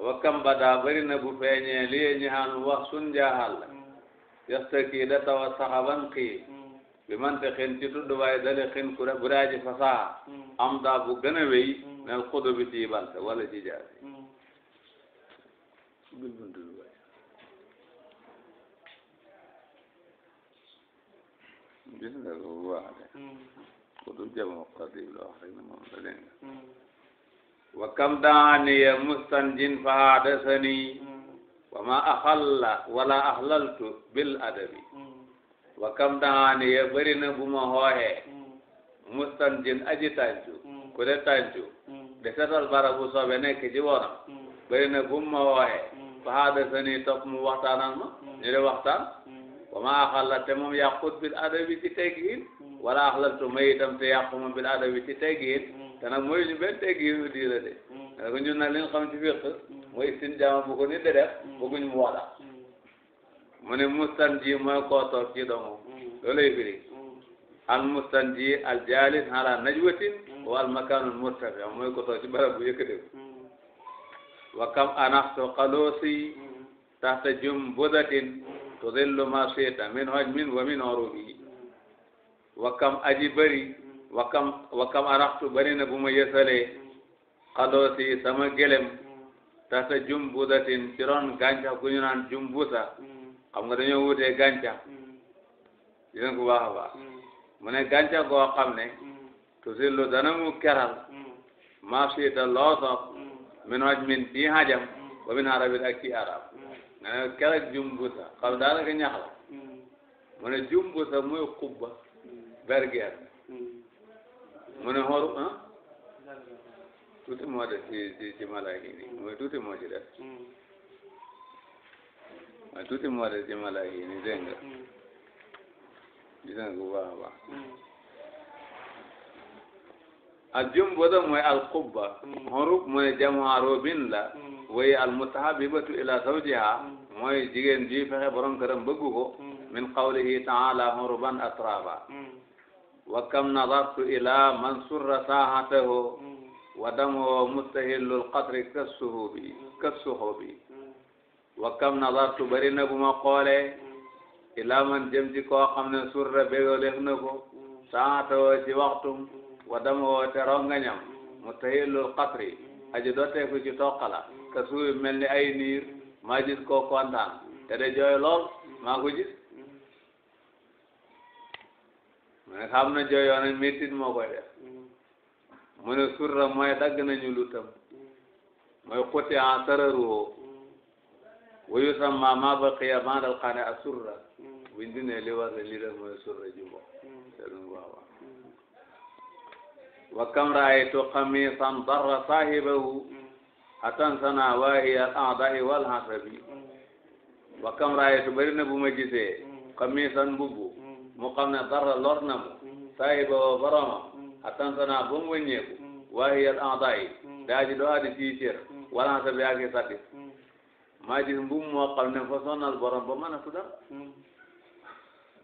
wakam ba daa bari na bu feeñee liye ñihaan wax sun jaaxal mm. yastaki da tawa saxaban kii mm. bi mantiqin ci tudd waaye dale xin ku buraaji fasaha mm. am daa bu gën a wéy nel xudu bi ci bant wala ci jaasi gis nga ko bu baax de xudu jama xadib la wax rek ne moom la dégg nga wa kam daaniya mustanjin fa haadasani wa ma axalla wala axlaltu bil adabi wa kam daaniya bëri na bu mustanjin aji tàncu ku de tàncu de setal barabu sobe nekk ci bonam bëri na ma hoohee fa haadasani topp mu waxtaanal ma ñu de waxtaan wa ma axalla te moom yàqut bil adabi ci teggin wala axlaltu ma itam te yàquma bil adabi ci teggin te nag mooy ñu benn teggi yu diina de mm. parce que ñun nag li ñu ci fiq mm. mooy istinjaama bu ko nit di def mm. bëgguñu mu wax la ne mustan ji mooy kootoor ci doomu loolay firi al mustan ji al jaalis ala najwatin wa al makaanul murtafi mooy kootoor ci barab bu yëkkati wa kam anaxtu qaloosi taxta jumbudatin tudillu ma siita min hajmin wa min orubi wa kam aji bëri wakam wakam araxtu bari na bu ma yësalee xadoosi sama gélém tasa jumbudatin ci ron gàncax gu ñu naan jumbusa xam nga dañoo wutee gàncax yéen ku baax a baax mu ne gàncax goo xam ne tusillu dana mu keral maa siita loo soog min min ci hajam wa min arabit ak ci arab nga ne kerak jumbusa xam daanaka ñax la mu ne jumbusa mooy xubba bergeer mu ne xoru ah tuuti moo des ci ci ci malaaka yi nii mooy tuuti moo ci des mooy tuuti moo des ci malaaka yi nii dégg nga gis nga al jumbada mooy mu ne jamu robin la waaye al mutahabibatu ila zawjiha mooy jigéen ji fexe borom këram bëggu min qawlihi taala xoruban atraba wa kam nadartu ila man surra saahatahu wa damuhu mustahillul qatri kassuhubi kassuhubi wa kam nadartu bari na bu ma xoolee ila man jëm ci koo xam ne surra bégoleef na ko saahatahu ci waxtum wa damuhu te rongañam mustahillul qatri aji dooteeku ci toqala kassuhubi mel ni ay niir maa gis koo kontaan te de jooy lool maa ko mais xam na jooy yoo ne métit moo koy def mu ne surra mooy dagg nañu lu tam mooy xuti en sararuwoo wayu sama ma baqiya bandal xane a surra buñ dine li war li def surra jumbo te wa kam raaytu xamisan darra saahibahu atan sana waahiya al adahi wal hasabi wa kam raaytu bari na bu ma gisee xamisan mbubu mu xam ne dara lor na mu hmm. saahiba wa boromam hmm. attantanaa ba mu wëññeeku hmm. waahiyal anda yi daa ji doo adi ci cër walance bi ak i satti maa gis mbuum moo xam ne fa sonal borom ba mën a tudal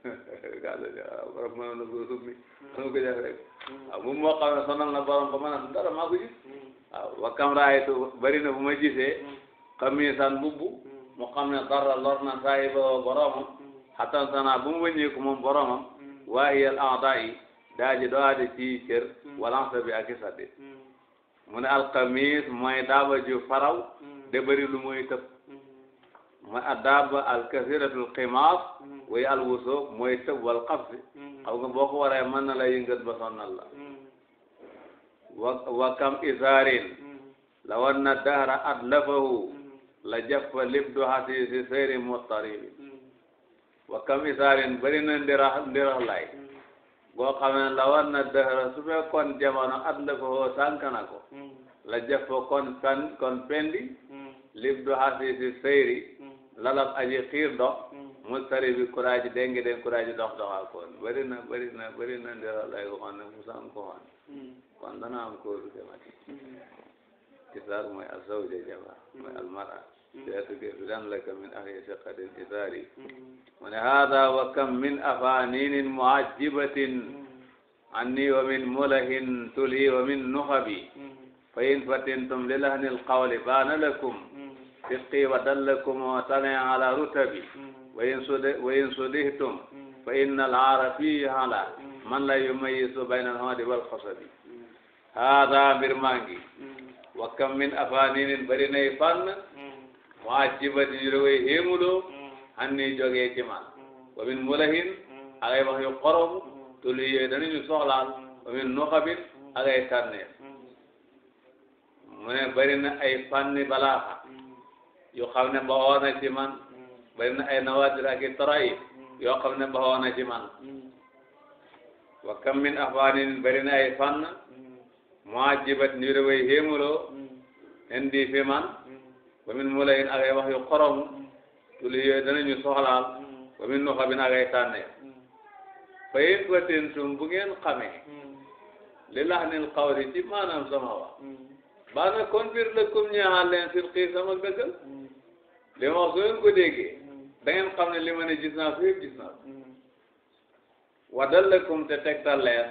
borom mën na ko summi ma ko def rek waaw ne sonal na borom ba mën a tudal maa ko gis waaw wa kam raaytu bari na mu xam ne dara lor na saahiba wa xataa sana bu mu wëññeeku moom mm. waa iyal aada yi daa ji doo aade ci mm. bi ak isabi mm. mu ne alxamis mooy daaba ju faraw de bëri lu muy tëb mooy addaaba alkasiratul ximaas way alwuso mooy tëb wal xabsi xam nga boo ko waree mën la yëngal ba sonnal la wa kam isaarin la wan dahra adlafahu la jaffa libdu hasi si seyri mustaribi wa kamisaarin bëri na ndirax ndirax lay mm. boo xamee la war na dëhëra su fekkoon jamono at la ko hoo sànk na ko mm. la jëf ko kon san kon pendi mm. lib du hasisi seyri lalab aji xiir dox mustari bi kuraaji dengi den kuraaji dox doxal koon bëri na bëri na bëri lay ko xam ne musam ko xam kon dana am kóolu jama ci isaar mooy azawja jaba mooy almara Mm. seetu gi bidan laka min ahli siqatin isaari mm. mu ne haada wa kam min afaninin muajibatin mm. anni wa min mulahin tulhi wa min nuxabi fa in fatintum li lahni alqawli baana lakum fiqi wa dallakum wa tane ala rutabi wa in sudi wa in sudihtum fa inna alaara fii hala man la yumayisu bayna alhadi wal xasabi haada mbir maa ngi wa kam min afaninin bari nay fànn mu àjjiba di ñu la koy héemuloo xam ni jógee ci man wa min mulahin ak ay wax yu xoromu te lu yee danañu soxlaal wa min nuxabin ak ay tànneef mu ne bari na ay fànni balaaxa yu xam ne baxoo na ci man bari ay nawaadir ak i taraayib yoo xam ne baxoo na ci man wa kam min afaanin bari na ay fànn mu àjjiba di ñu la koy héemuloo indi fi man wamin mu layin wax yu xorom tuli yooyu danañu soxlaal wamin nu xabin ak ay tànne fa yéen watentum bu ngeen xamee li laxnil xawli ci maanaam sama wax baax na kon biir la kum ñaaxal leen sil xii sama dëggal li ma wax su ngeen ko déggee da ngeen li ma ne gis naa wadal la kum te tegtal leen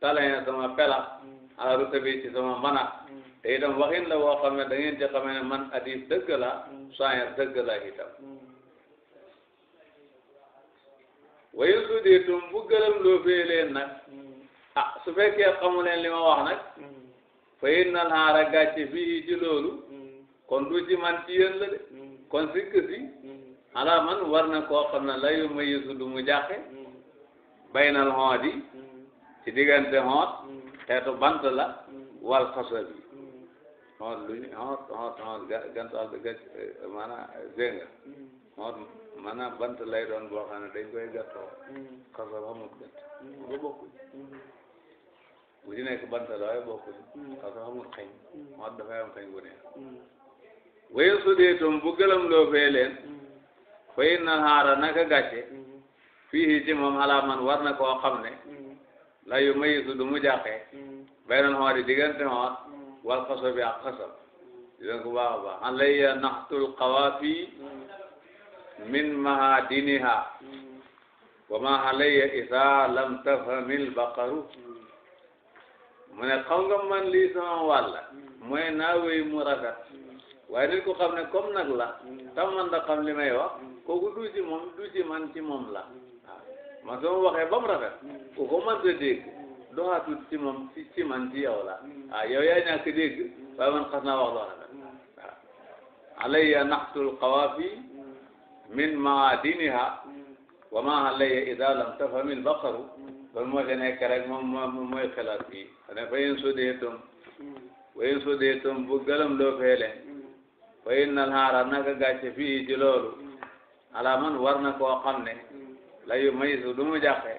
taleen sama pela ala rutabi ci sama mana te itam waxin la woo xam ne da ci xamee ne man hadis dëgg la science dëgg la itam wayu su dee tum bu gërëm loo fee leen nag ah su fekkee xamu leen li ma wax nag fa yit na laara gàcce fii ci loolu kon du ci man ci la de kon sikk si man war na koo xam ne layu ma yësu du mu jàqe baynal xoot ci diggante xoot xeetu bant la wal xasa xool lu ñu xool xool xool gantaal bi gàc eh, maanaam dégg nga xool mm. maanaam bant lay doon boo xam ne koy gàttoo xasab mm. amut gàtt mm. ba bokkul bu ci nekk bant la waaye bokkul xasab amut xeñ xool dafay am xeñ bu neex waye su dee tom bu gëlëm loo fee leen fay na xaara naka gàcce fii ci moom xalaa man war na koo xam ne la yu mayisu du mu jàqee beneen xool yi diggante xool wal xasab bi ak xasab di leen ko baax a baax alayya naxtul xawaafi min mahadiniha wa ma alayya isa lam tafhamil baqaru mu ne xam nga man lii sama wàlla mooy naa wéy mu rafet waaye ku ko xam ne comme nag la tam man da xam li may wax kooku du ci moom du man ci moom la waaw man sama waxee ba mu rafet ku ko mën a dégg doxatul ci moom man ci yow la hmm. ah yow yaa ñàkk dégg waaye man xas naa wax loo rafet waaw alayya naxtul xawaafi min maadiniha hmm. wa ma alayya ida lam tafham il baqaru loolu hmm. moo ci nekk rek moom moom mooy xelaat bi ne fa in sudeetum wa in loo feele fa in nal haara naka gàcce fii ci loolu ala man war na koo xam ne la yu du mu jàqee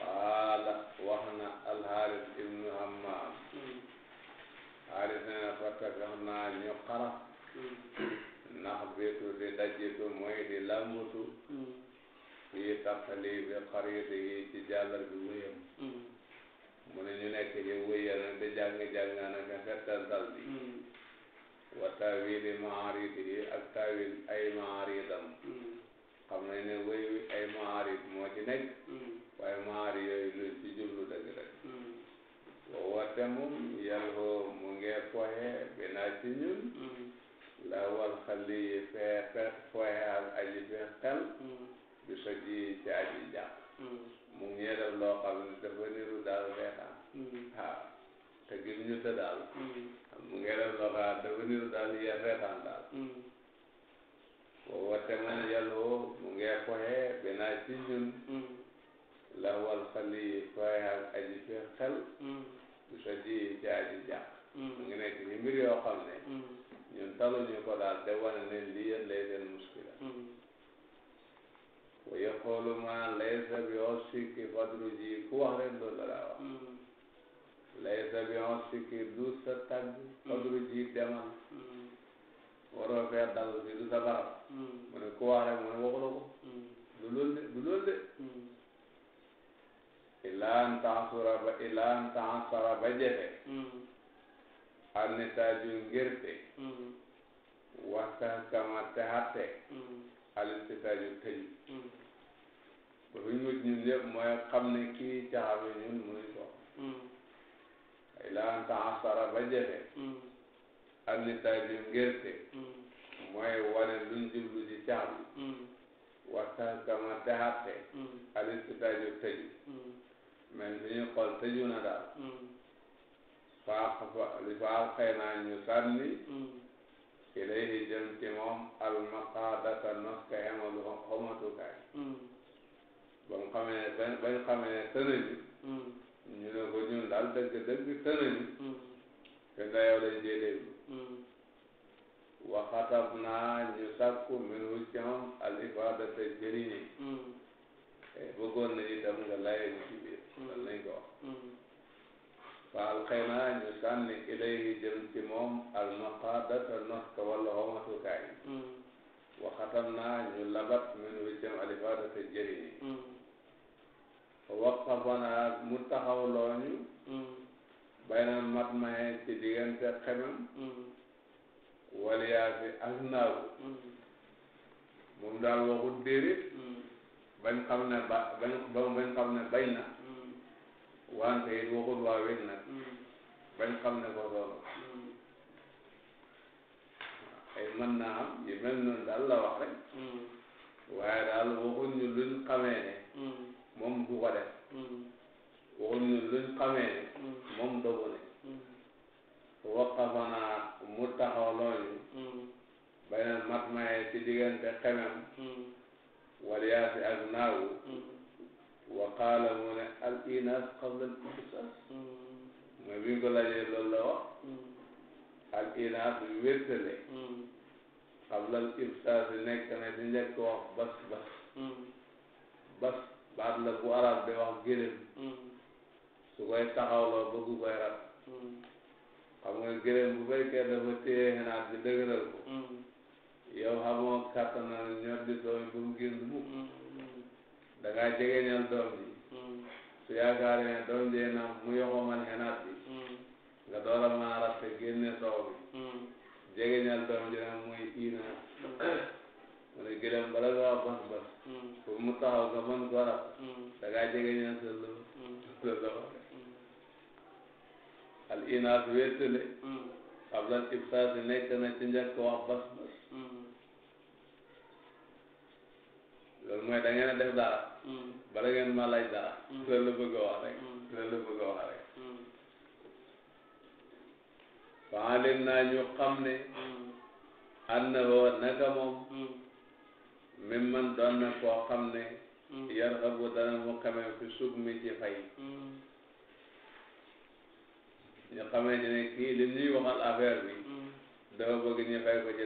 qaala wax na alxaaris ibnu hammaam xaaris hmm. nee na fattakax naa ñu xaraf hmm. ndax bitu di dajitu mooy di làmbutu fii hmm. taqali bi xariti yi ci jàllar bi wéyam mu ne ñu nekk ci wéya nag di jàng-jàngaa naka settantal bi wa tawili maariti yi ak tawil ay maaridam xam nañ ne wéy wi ay maarid moo ci nekk temum yalho mu ngee fohe binaa ci ñun mm-hmm. la wal xali yi fee fet fohe al aji fee xel bi mm-hmm. so ji ci aji jàpp mm-hmm. mu ngee def loo xam ne dafa niru daal reetaan waaw ah, te gim ñu te daal mu ngee def loo xam ne dafa niru daal yee reetaan daal waaw te man yàlla mu ngi foxe benaa ci ñun la wal xali foxe ak aji fi xel bi ko ji ci aji jàq mm. mu ngi nekk ci mbir yoo xam ne mm. ñun taluñu ko daal te wane ne lii yéen lay seen muskila mm. wa yaqulu ma laysa bi sikki fadru ji ku wax rek loolu la wax laysa bi sikki ji demal waroo fee dal si du sa barab mu ne ku mu ne waxu la ko du loolu ilaan taxasura ba ilaan taxasara ba jafe alnitaaju ngirte wasta kama te hatte alistitaaju tëju ba fi ñu mujj ñun ñëpp mooy xam ne kii caxabe ñun muy ko ilaan taxasara ba jafe alnitaaju ngirte mooy wane luñ jublu ci caxabi wasta kama te hatte alistitaaju mel ni xol tëju na daal mm. faax li faax xëy naa ñu sànni mm. ilayhi jëm ci moom almaqaadata nos ka hemalu xomatukaay mm. ba mu xamee ba bañ xamee tëna ñu ñu ne ko ñun daal dëgg dëgg tëna ñu te nga yow lañ dee déglu waxatab naa ñu sàkku minu ci moom al ifaadata jëriñe eh, bëggoon na itam nga layee ñu ci biir mën nañ ko wax mm-hmm. fa alqaynaa ñu sànni ilayhi jëm ci moom almaqaadata not ka walla xomatukaay mm-hmm. waxatam naa ñu labat min wi jëm alifaadata jëriñ mm-hmm. fa waqafanaa mu taxaw looñu bayna mat maxe ci diggante xemem waliyaa fi ak naagu moom daal waxul déedéet bañ xam ne ba bañ bañ xam ne bay na wante it waxul waa win nag hmm. bañ ne ko loolu hmm. ay mën naa am yu mel noonu daal la wax rek hmm. waaye daal waxul ñu luñ xamee ne moom du ko def waxul ñu luñ xamee ne moom dogu ne waqafanaa mu taxaw loolu baynal mat maye ci diggante xemem waliyaasi ak naawu wa qaala mu ne al inaas qabla al qisas mooy bi ñu ko laajee loolu la wax al inaas wéttale qabla al ibsaas nekk na di njëkk wax bas bas bas baat la bu arab di wax gëlëm su koy taxawloo bëggu koy rat xam nga gëlëm bu fekkee dafa téye xenaat di dëgëral ko yow xamoo kattan na ñor di sooy bu mu génn mukk da ngaa jegeñal doom ji hmm. su yaakaar ne doom ji na mu yoxomal xenaat bi hmm. nga door a mën a ratte génne soow bi hmm. jegeñal doom ji nag muy ina mu ne gëlëm bala ngaa bas bas pour mu taxaw nga mën ko rab da ngaa jegeñal sa loo sa loo al inaat wéttale ablal ibsaasi nekk na ci njëkk wax bas bas loolu mooy da ngeen def dara. Hmm. bala ma laaj dara. Hmm. loolu la bëgg a wax rek. Hmm. loolu a wax rek. faalim naa ñu xam ne. annahu naka man doon na koo xam ne. yar xabu dana mu xamee mi ci fay. ñu xamee ne kii li ñuy waxal affaire bi. dafa bëgg ñu fay ko ci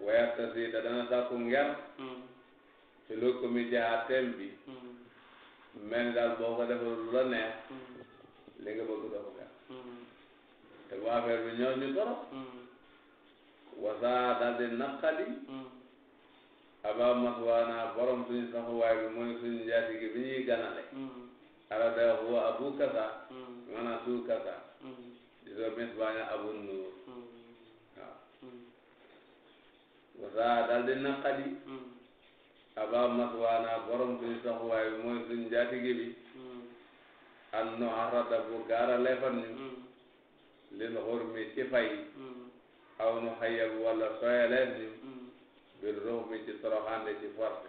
weer tasi da dana sàkku ngeen hmm. ci lu ko mi jaa tem bi hmm. mel ni daal boo ko defal lu la neex hmm. li nga bëgg doo ko gàtt te bu affaire wasaa daal di naqali aba maswaana borom suñu saxuwaay bi mooy suñu njaati gi bi ñuy ganale ala day huwa abu kasa maanaam suu kasa di soo mis baaña abu nuur wasaa daal di naqadi hmm. aba maswaana borom suñu soxwaay bi mooy suñu njaatige bi hmm. an no arada bu gaara lefan ñu hmm. lil xurmi ci fay aw nu xayab wala soyaleen ñu bir ruux mi ci toroxaande ci forte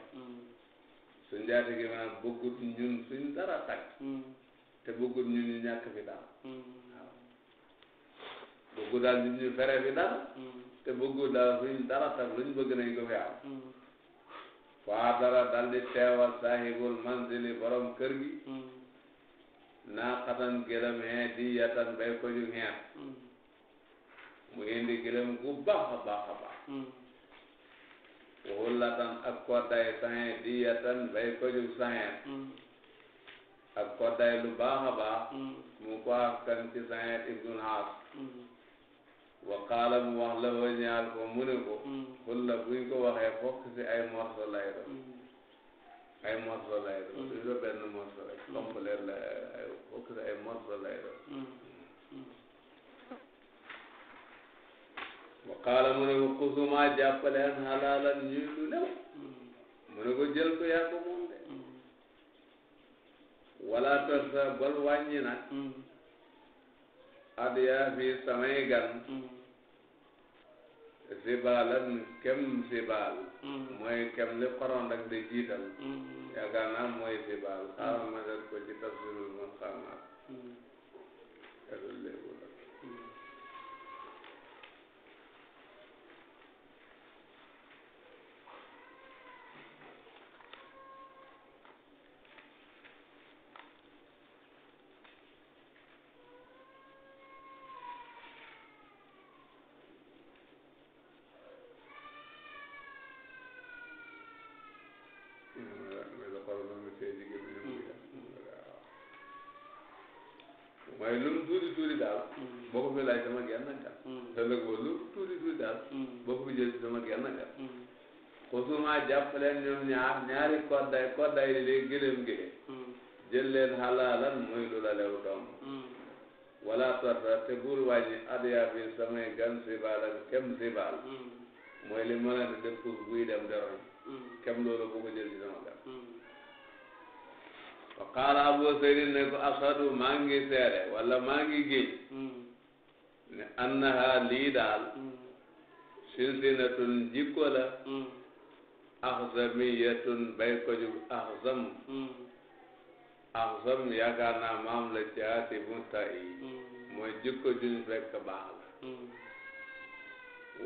suñu njaatige maanaam bëggut ñun suñ dara takk te bëggut ñun ñu ñàkk fi dara waaw bëggu daal ñun ñu fere fi dara te bëggu dara luñ dara tax luñ bëgg nañ ko fi am waa hmm. dara dal di teewal saahibul manzili borom kër gi hmm. naaqatan gëlëm hee di yatan bay ko ñu xeet hmm. mu indi gëlëm gu baax a baax a baax wullatan ak kodday saxee di yatan bay ko ñu saxee ak kodday lu baax a baax mu ko askan ci saxee ibnul haas wa qaala mu wax wa ñaal ko mu ne ko xul mm. la buñ ko waxee fokk si ay morso lay doon mm. ay morso lay doon mm. duñ la benn morso rek complet la ay fokk si ay morso lay doon wa qaala mu ne ko kusuma jàppaleen xalaalan ñuy lu lew mu ne ko jël ko yaa ko moom de wala tarsa bal wàññi nag adiya fi samay gan sibaalan kem sibaal mm. mooy kem li koron rek de jiital mm. yaakaar naa mooy sibaal xaaral ma seet ko ci tafsirul mun xamaat mooy lu mu tuuti tuuti daal. Mm. boo ko fi laaj sama genn gàtt. Mm. te nag boo lu mu tuuti tuuti daal. Mm. boo ko fi jël sama genn gàtt. xusuma jàpp leen ñoom ñaar ñaari kodday kodday li dee gëlëm gi. jël leen xalaalan muy lu la lew doom. wala tarta te bul wàññi adiya bi samay gan sibaal ak kem sibaal. mooy li ma leen di def buy dem deroon. kem loolu boo ko jël ci sama gàtt. fa qaala abu saydin ne ko ashadu maa wala maa ngi géej mm. ne annaha lii daal mm. silsilatun jikko la mm. axsamiyatun bay ko jug axsam axsam yaakaar naa maam la ci haati musta yi mooy jikko juñ fekk baax la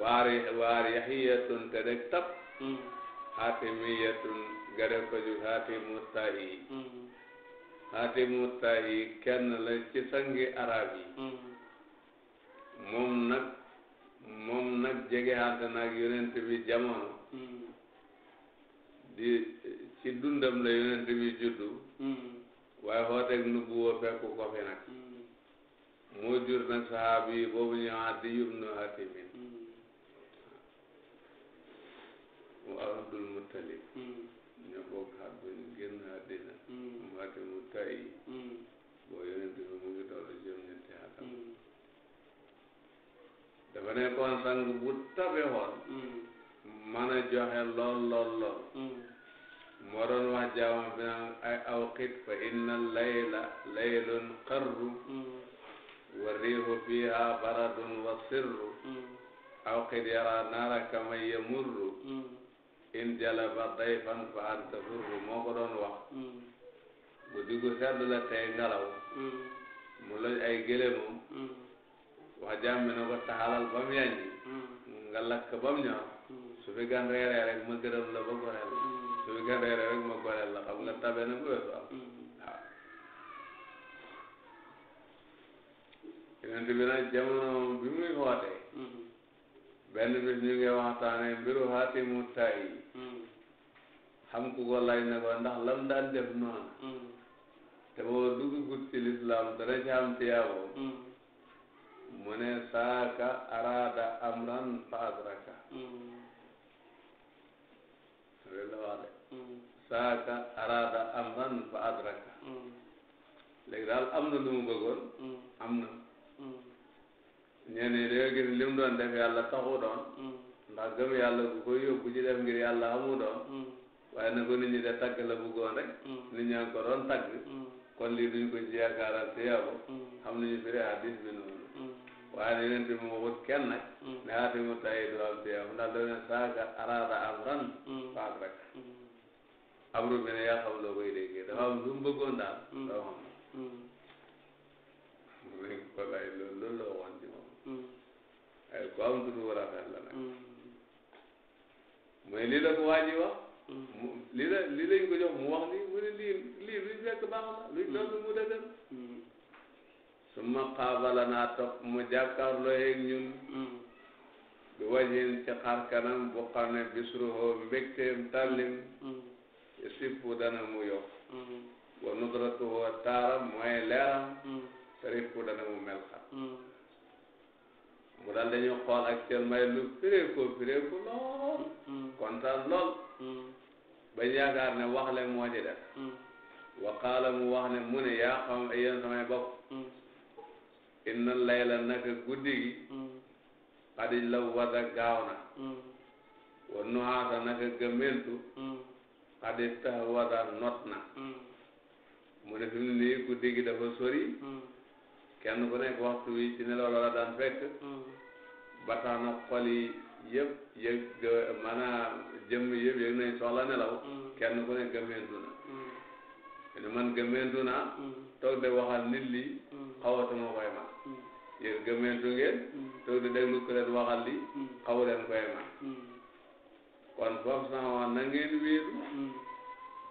waari waari yaxiyatun te deg tap haatimiyatun gare ko jug haati musta yi xaatimu taayi kenn la ci sangi arab yi hmm. moom nag moom nag jege hante nag yonent bi jamono hmm. di ci dundam la yonent bi juddu hmm. waaye xooteeg nubuwa fekk ko nag moo jur nag sahaaba yi boobu ñu Adi ibnu Hatim wa Abdul Muttalib ñoo bokk xar bu ñu génn àddina Mbàkke mu tayyi mm. boo yonent bi mu ngi toll juróom-ñetti atam mm. dafa nekkoon sang bu tabe woon mm. mën a joxe lool lool lool moo doon wax jaamam bi naan ay awqit fa inna layla laylun qarru wa riihu fiha baradun wa sirru awqit yara naara kama yamurru in jalaba dayfan fa anta furru moo ko doon wax guddi gu sedd la tey ngelaw mm. mu loj ay gëléemam mm. wax jàmm ne ko taxalal ba mu yanji mm. nga lakk ba mu ñor su fi gan reeree rek ma ba goreel la su fi gan reeree rek ma goreel la xam nga tabe na bu weesu am waaw yonent bi nag jamono bi muy woote benn bis ñu ngi waxtaanee ku ko laaj ne ko ndax lam daan def noonu te boo duggagut ci lislaam dara ñaam tiyaabo mu ne saaka araada amran fa adraka mm. loolu la wax de mm. saaka araada amran fa adraka mm. léegi daal am na lu mu bëggoon am na ñenn ñi dañoo gis li mu doon def yàlla taxu doon ndax gëm yàlla bu koy yóbbu ci def ngir yàlla amu doon waaye na ko nit ñi de tagg la bëggoon rek nit ñaa ngi ko doon kon lii duñ ko ci yaakaaral te yàlla mm. xam nañu firi hadis bi noonu mm. waaye ne yonente bi waxut kenn nag mm. ne xaatimu tayi du am te yàlla ndax doone saaga araada am ran faak rek abru bi ne yaa xam loo koy déggee dafa am lu mu bëggoon daal doo xam ne ko lay loolu loolu la waxoon ci moom ay ko am tudd rafet la nag mooy lii la ko waa ji wax Mm. mu li la li lañ ko jox mu wax ni mu ne lii lii luñ fekk baax na luñ mm. mu dëgër su ma naa topp mu jàkkaarloo ak ñun mm. bi wàññeen ci xar kanam bu xam ne bisruhoo mbégteem tàllim sippu dana mu yokk wa nudratuhoo taaram mooy leeram tarifu dana mu mel xar mu daal dañu xool ak seen may lu firee ko firee ko lool kontaan lool bañ yaakaar ne wax leen moo ci def hmm. wa qaala mu wax ne mu ne yaa xam yéen samay bopp hmm. inna layla naka guddi gi xadij hmm. la wada gaaw na wa nuhaasa naka gëmmentu xadij ta wada not na mu ne fi mu nii guddi gi dafa sori kenn ku nekk waxtu wi ci nelaw la daan fekk ba tax yëpp yëg maanaam jëmm yëpp yëg nañ soxla nelaw mm. kenn ku ne gëmmeentu na ne mm. man gëmmeentu naa mm. toog de waxal nit li xawatuma koy man yéen gëmmeentu ngeen toog de déglu ku waxal li xawu leen koy man kon foofu sax wax na ngeen wéeru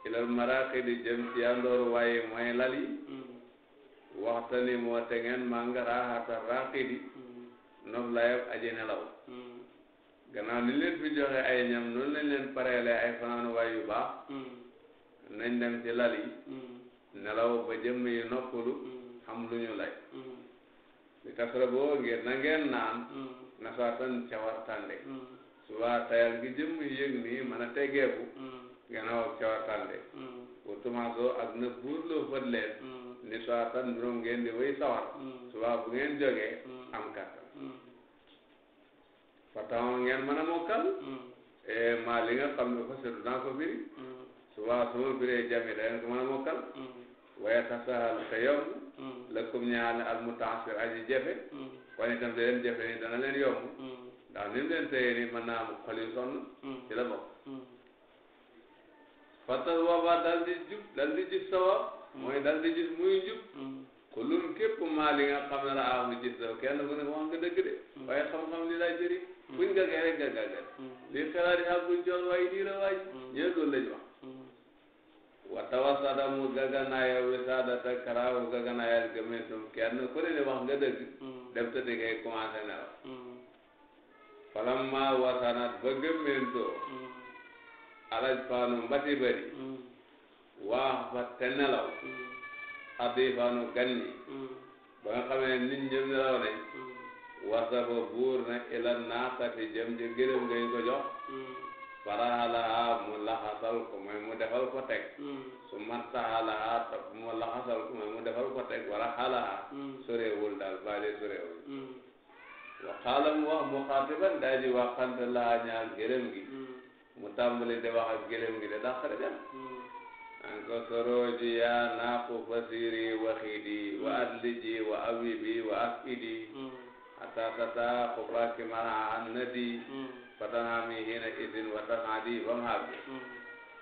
ilal maraqidi jëm ci yàndoor waaye mooy lal yi waxtani moo te ngeen manga raxata raqidi nof layab aji nelaw gannaaw li leen fi joxe ay ñam noonu lañ leen pareele ay fanaanuwaay yu baax hmm. nañ dem ci lal yi hmm. nelaw ba jëmm yi noppalu hmm. xam lu ñu lay li tasara boo ngeen na ngeen naan nasaatan cawartande suba tayal ngi jëmm yi yëg nii mën a tegeeku gannaaw cawartande wutumaasoo ak na buurloo fët leen ni soatan ngeen di wéy sawar suba bu ngeen jógee am kàttan Fattama ngeen a mokkal. Hmm. E, maa li nga xam ne fa naa ko biri. suba hmm. su ma biree jami da ngeen ko mën a mokkal. Hmm. waaye tasahal ka yomb. lëkkum ñaale al mutaasir aji jafe. waaye itam da leen jafe ni dana leen yomb. ndax ni mu leen tëyee nii naa am xol yu sonn. ci la bokk. jub dal di sawa. mooy dal di muy jub. ku képp maa li nga xam la ah mu gis kenn ku ne wax nga dëgg de. waaye xam-xam li laa jëriñ. buñ gàggee rek nga gàggal lii xelaa di xam buñ joon waaye nii la waay ñee loolu lañ wax wa tawasada mu gaganaaya wisaadata karaawu gaganaayal gëmeentum kenn ku ne ne wax nga dëgg dem te dangay commencé ne la falamma wasanat ba gëmmeentoo alaj faanu mbati bari waax fa te nelaw addi faanu gan ñi ba nga xamee nit ñëpp nelaw nañ wasaba buur na ila naasati jëm ci gërëm ngay ko jox hmm. faraxalaha mu laxasal ko mu defal ko teg su martaxalaha topp mu laxasal ko mooy mu defal ko teg wara xalaha soreewul daal baale soreewul hmm. wa xaala mu wax mu xaatiban daa ji waxante laa ñaar gërëm gi hmm. mu tàmbali di wax ak gi de dàq dem an ko sorooji yaa naaqu fasiri wa xiidi wa adliji wa awibi wa afidi حتى تتا خبراك منع الندي فتنامي هنا إذن وتنعدي فمهاك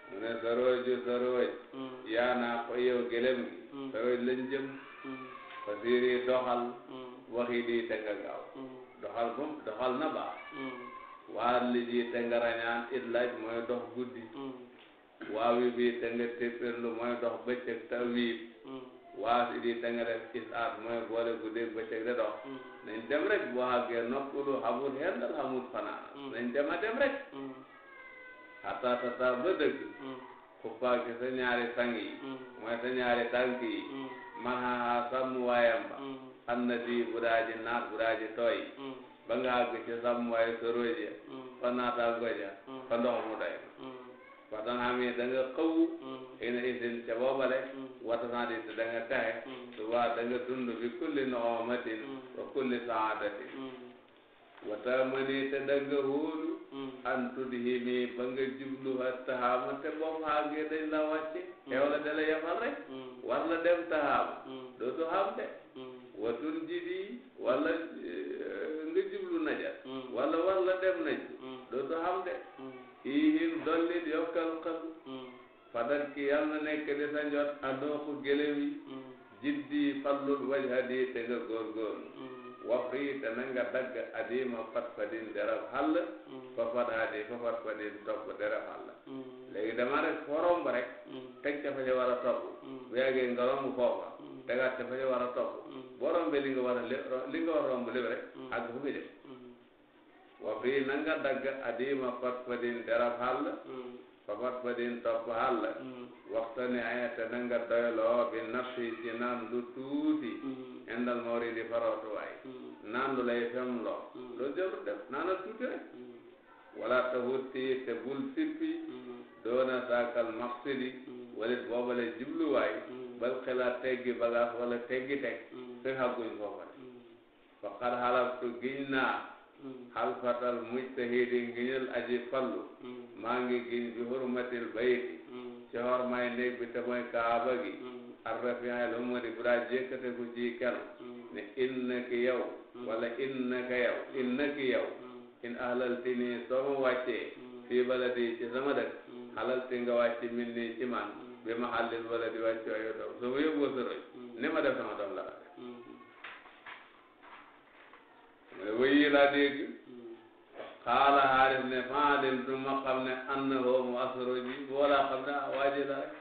mu ne sarooju sarooj yaa naa ko yow gëlëm gi sarooj lañ jëm fasiri doxal waxi di te nga hmm. doxal bum doxal na hmm. waa li ji te nga it laaj mooy e dox guddi hmm. waawi bi te nga téppirlu mooy e dox bëccëg tawiib waas it yi da nga def is aat mooy boole guddeeg bëccëg de dox mm. nañ dem rek bu àggee noppalu xamul xendal xamul fanaan mm. nañ dem a dem rek xataa mm. tata ba dëgg xuppaa ci sa ñaari sang yi mooy sa ñaari tànk yi manaa sàmm waayam ba di bu daa ji naat bu daa ji tooy ba nga àgg ci sàmm waaye sorooje fa naataango ja fa ndox waxtaan amee da nga xawu. Mm-hmm. xëy na indil ca boobale. Mm-hmm. waxtaan it da nga texe. suba mm-hmm. da nga dund bi kulli noxomatin. wa kulli saadatin. te da nga wóolu. an tudhimi ba nga jublu ha taxaama te boo xaagee dañ la wàcce. yow la dala yafal rek. la dem taxaama. dootu xam de. watun jidi wala eh, nga jublu naja. wala war la dem nañ. dootu xam de. fiihim dolli yokkal xel hmm. fadal ki yàlla nekk di sa njot andooku gélém yi hmm. jiddi fallul wajha di te nga góorgóorlu hmm. wafri te na nga dagg adima fat fadin derab xàll fa fat adi fa fat fadin topp derab xàll léegi dama rek forom rek teg ca fa ca war a topp bu yàggee nga romb foofa tegaat ca fa ca war a topp boo rombee li nga war a lépp li nga war a romb lépp rek ak fu nga jëm wa fii na nga dagg adima fat fadin derab hàll fa hmm. fat fadin topp hàll hmm. waxta ne ayate na nga doyloo bi nafsi ci naan lu tuuti indal hmm. mawri di farootuwaay naan lu lay fem loo loo jëlu def naana tuuti rek wala ta wutti te bul sippi doona saakal maqsidi walit boobale jubluwaay bal xelaat teggi bagaas wala teggi teg te xagguñ foofa de fa xar xalaftu giñ naa Mm. hal fatal mujtahidi ngiñul aji fallu mm. maa ngi giñ bi hurmatil bayti mm. ci hormay néeg bi te mooy kaaba gi arrafi'il umri bu daa jékkate ko ci kenn ne innaki yow wala innaka yow innaki yow in ahlalti nii soo ma wàccee fii baladi ci sama dëkk halalti nga wàcc min nii ci man bi ma hallin baladi wàcce wayo doom soo ma yóbboo sa roy ni ma def wayi laa dégg xaala xaaris ne faalim du ma xam ne ànd hoo mu asoro ji boo laa xam ne ah waa ji la rek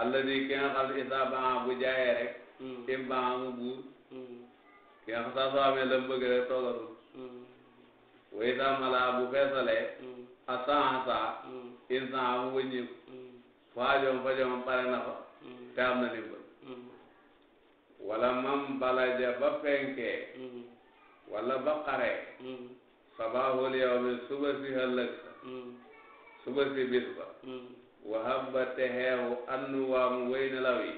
alladi ki nga xam ne isaa baa bu jaayee rek mm. im baa mu buur mm. ki nga xam saa soo amee la mbëgg rek toogatu mm. wayi saa malaa bu feesalee a saa saa in saa mu wëññeeku faajoom fajoom pare na fa te am na ndimbal wala mam balaja ba fenkee wala baqare. sabaahul hmm. yawmi suba si ëllëg hmm. suba si bis ba. Hmm. te xeexu annu waamu wéy nelaw yi.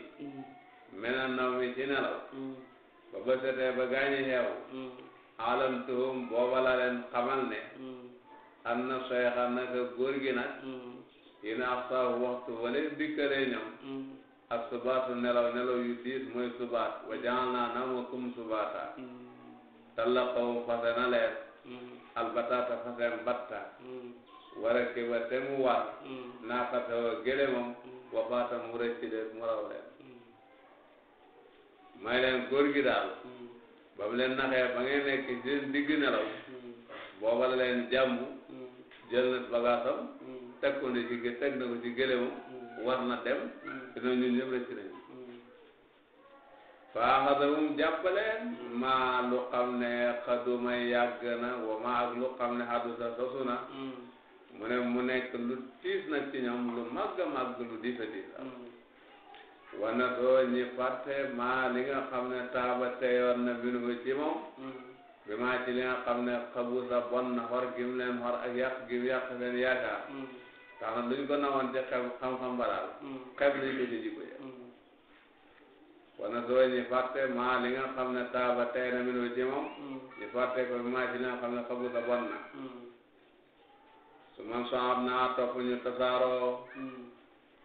mena naw ci nelaw. ba bësatee ba gaañi xeexu. alam tuhum booba la ne. am na soyaxa naka góor gi nag. ina axsaahu waxtu wala dikkalee ñoom. ak nelaw nelaw yu diis mooy subaat wa jaal naa namakum subaata. tallaqaw fase na leen mm. albatata faseen batta mm. wara ke ba te mu war naaqatawa gélémam wa baata mm. mu rëcc leen mu raw leen may leen góor gi daal ba mu leen naxee ba ngeen nekk seen digg nelaw booba leen jàmm jël na bagaasam teg ko ne ci teg na ko ci gélémam war na dem dina ñun ñëpp rëcc nañ faa xadamum jàppaleen maa lu xam ne xaduma yàgg na wa maa ak lu xam ne xadusa sosu na mu ne mu nekk tiis nag ci ñoom lu màgg a a diis a wana soo ñi fàtte maa xam ne taaba teyoon na minu ko ci moom bi maa ci li nga xam ne xabusa bon na xor gim leen xor ak yàq gim yàq seen yaakaar tax na duñ ci xeb xam-xam ba daal xeb nañ ci jikko ya wana doo ñi fàtte maa li nga ne taaba tey na min wu jëmam mm. ko maa ci li nga xam ne na mm. su man so am naa topp ñu tasaaroo mm.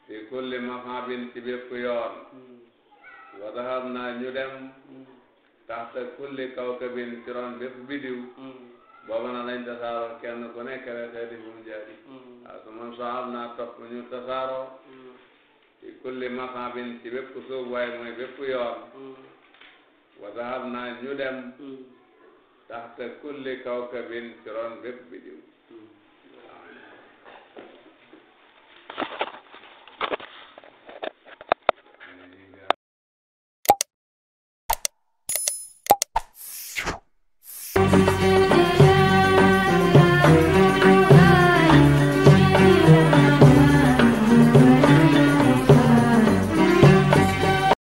fi kulli mahabin ci bépp yoon wa dahab naa ñu dem taxta kulli kawkabin ci ron bépp bidiw booba na lañ tasaaroo kenn ku nekk rek mu jaari waaw man so am naa topp ñu fi kulli maqamin ci bépp suuf waaye mooy bépp yoon mm. wa zahab naa ñu dem mm. taxta kulli kawkabin ci roon bépp bidiw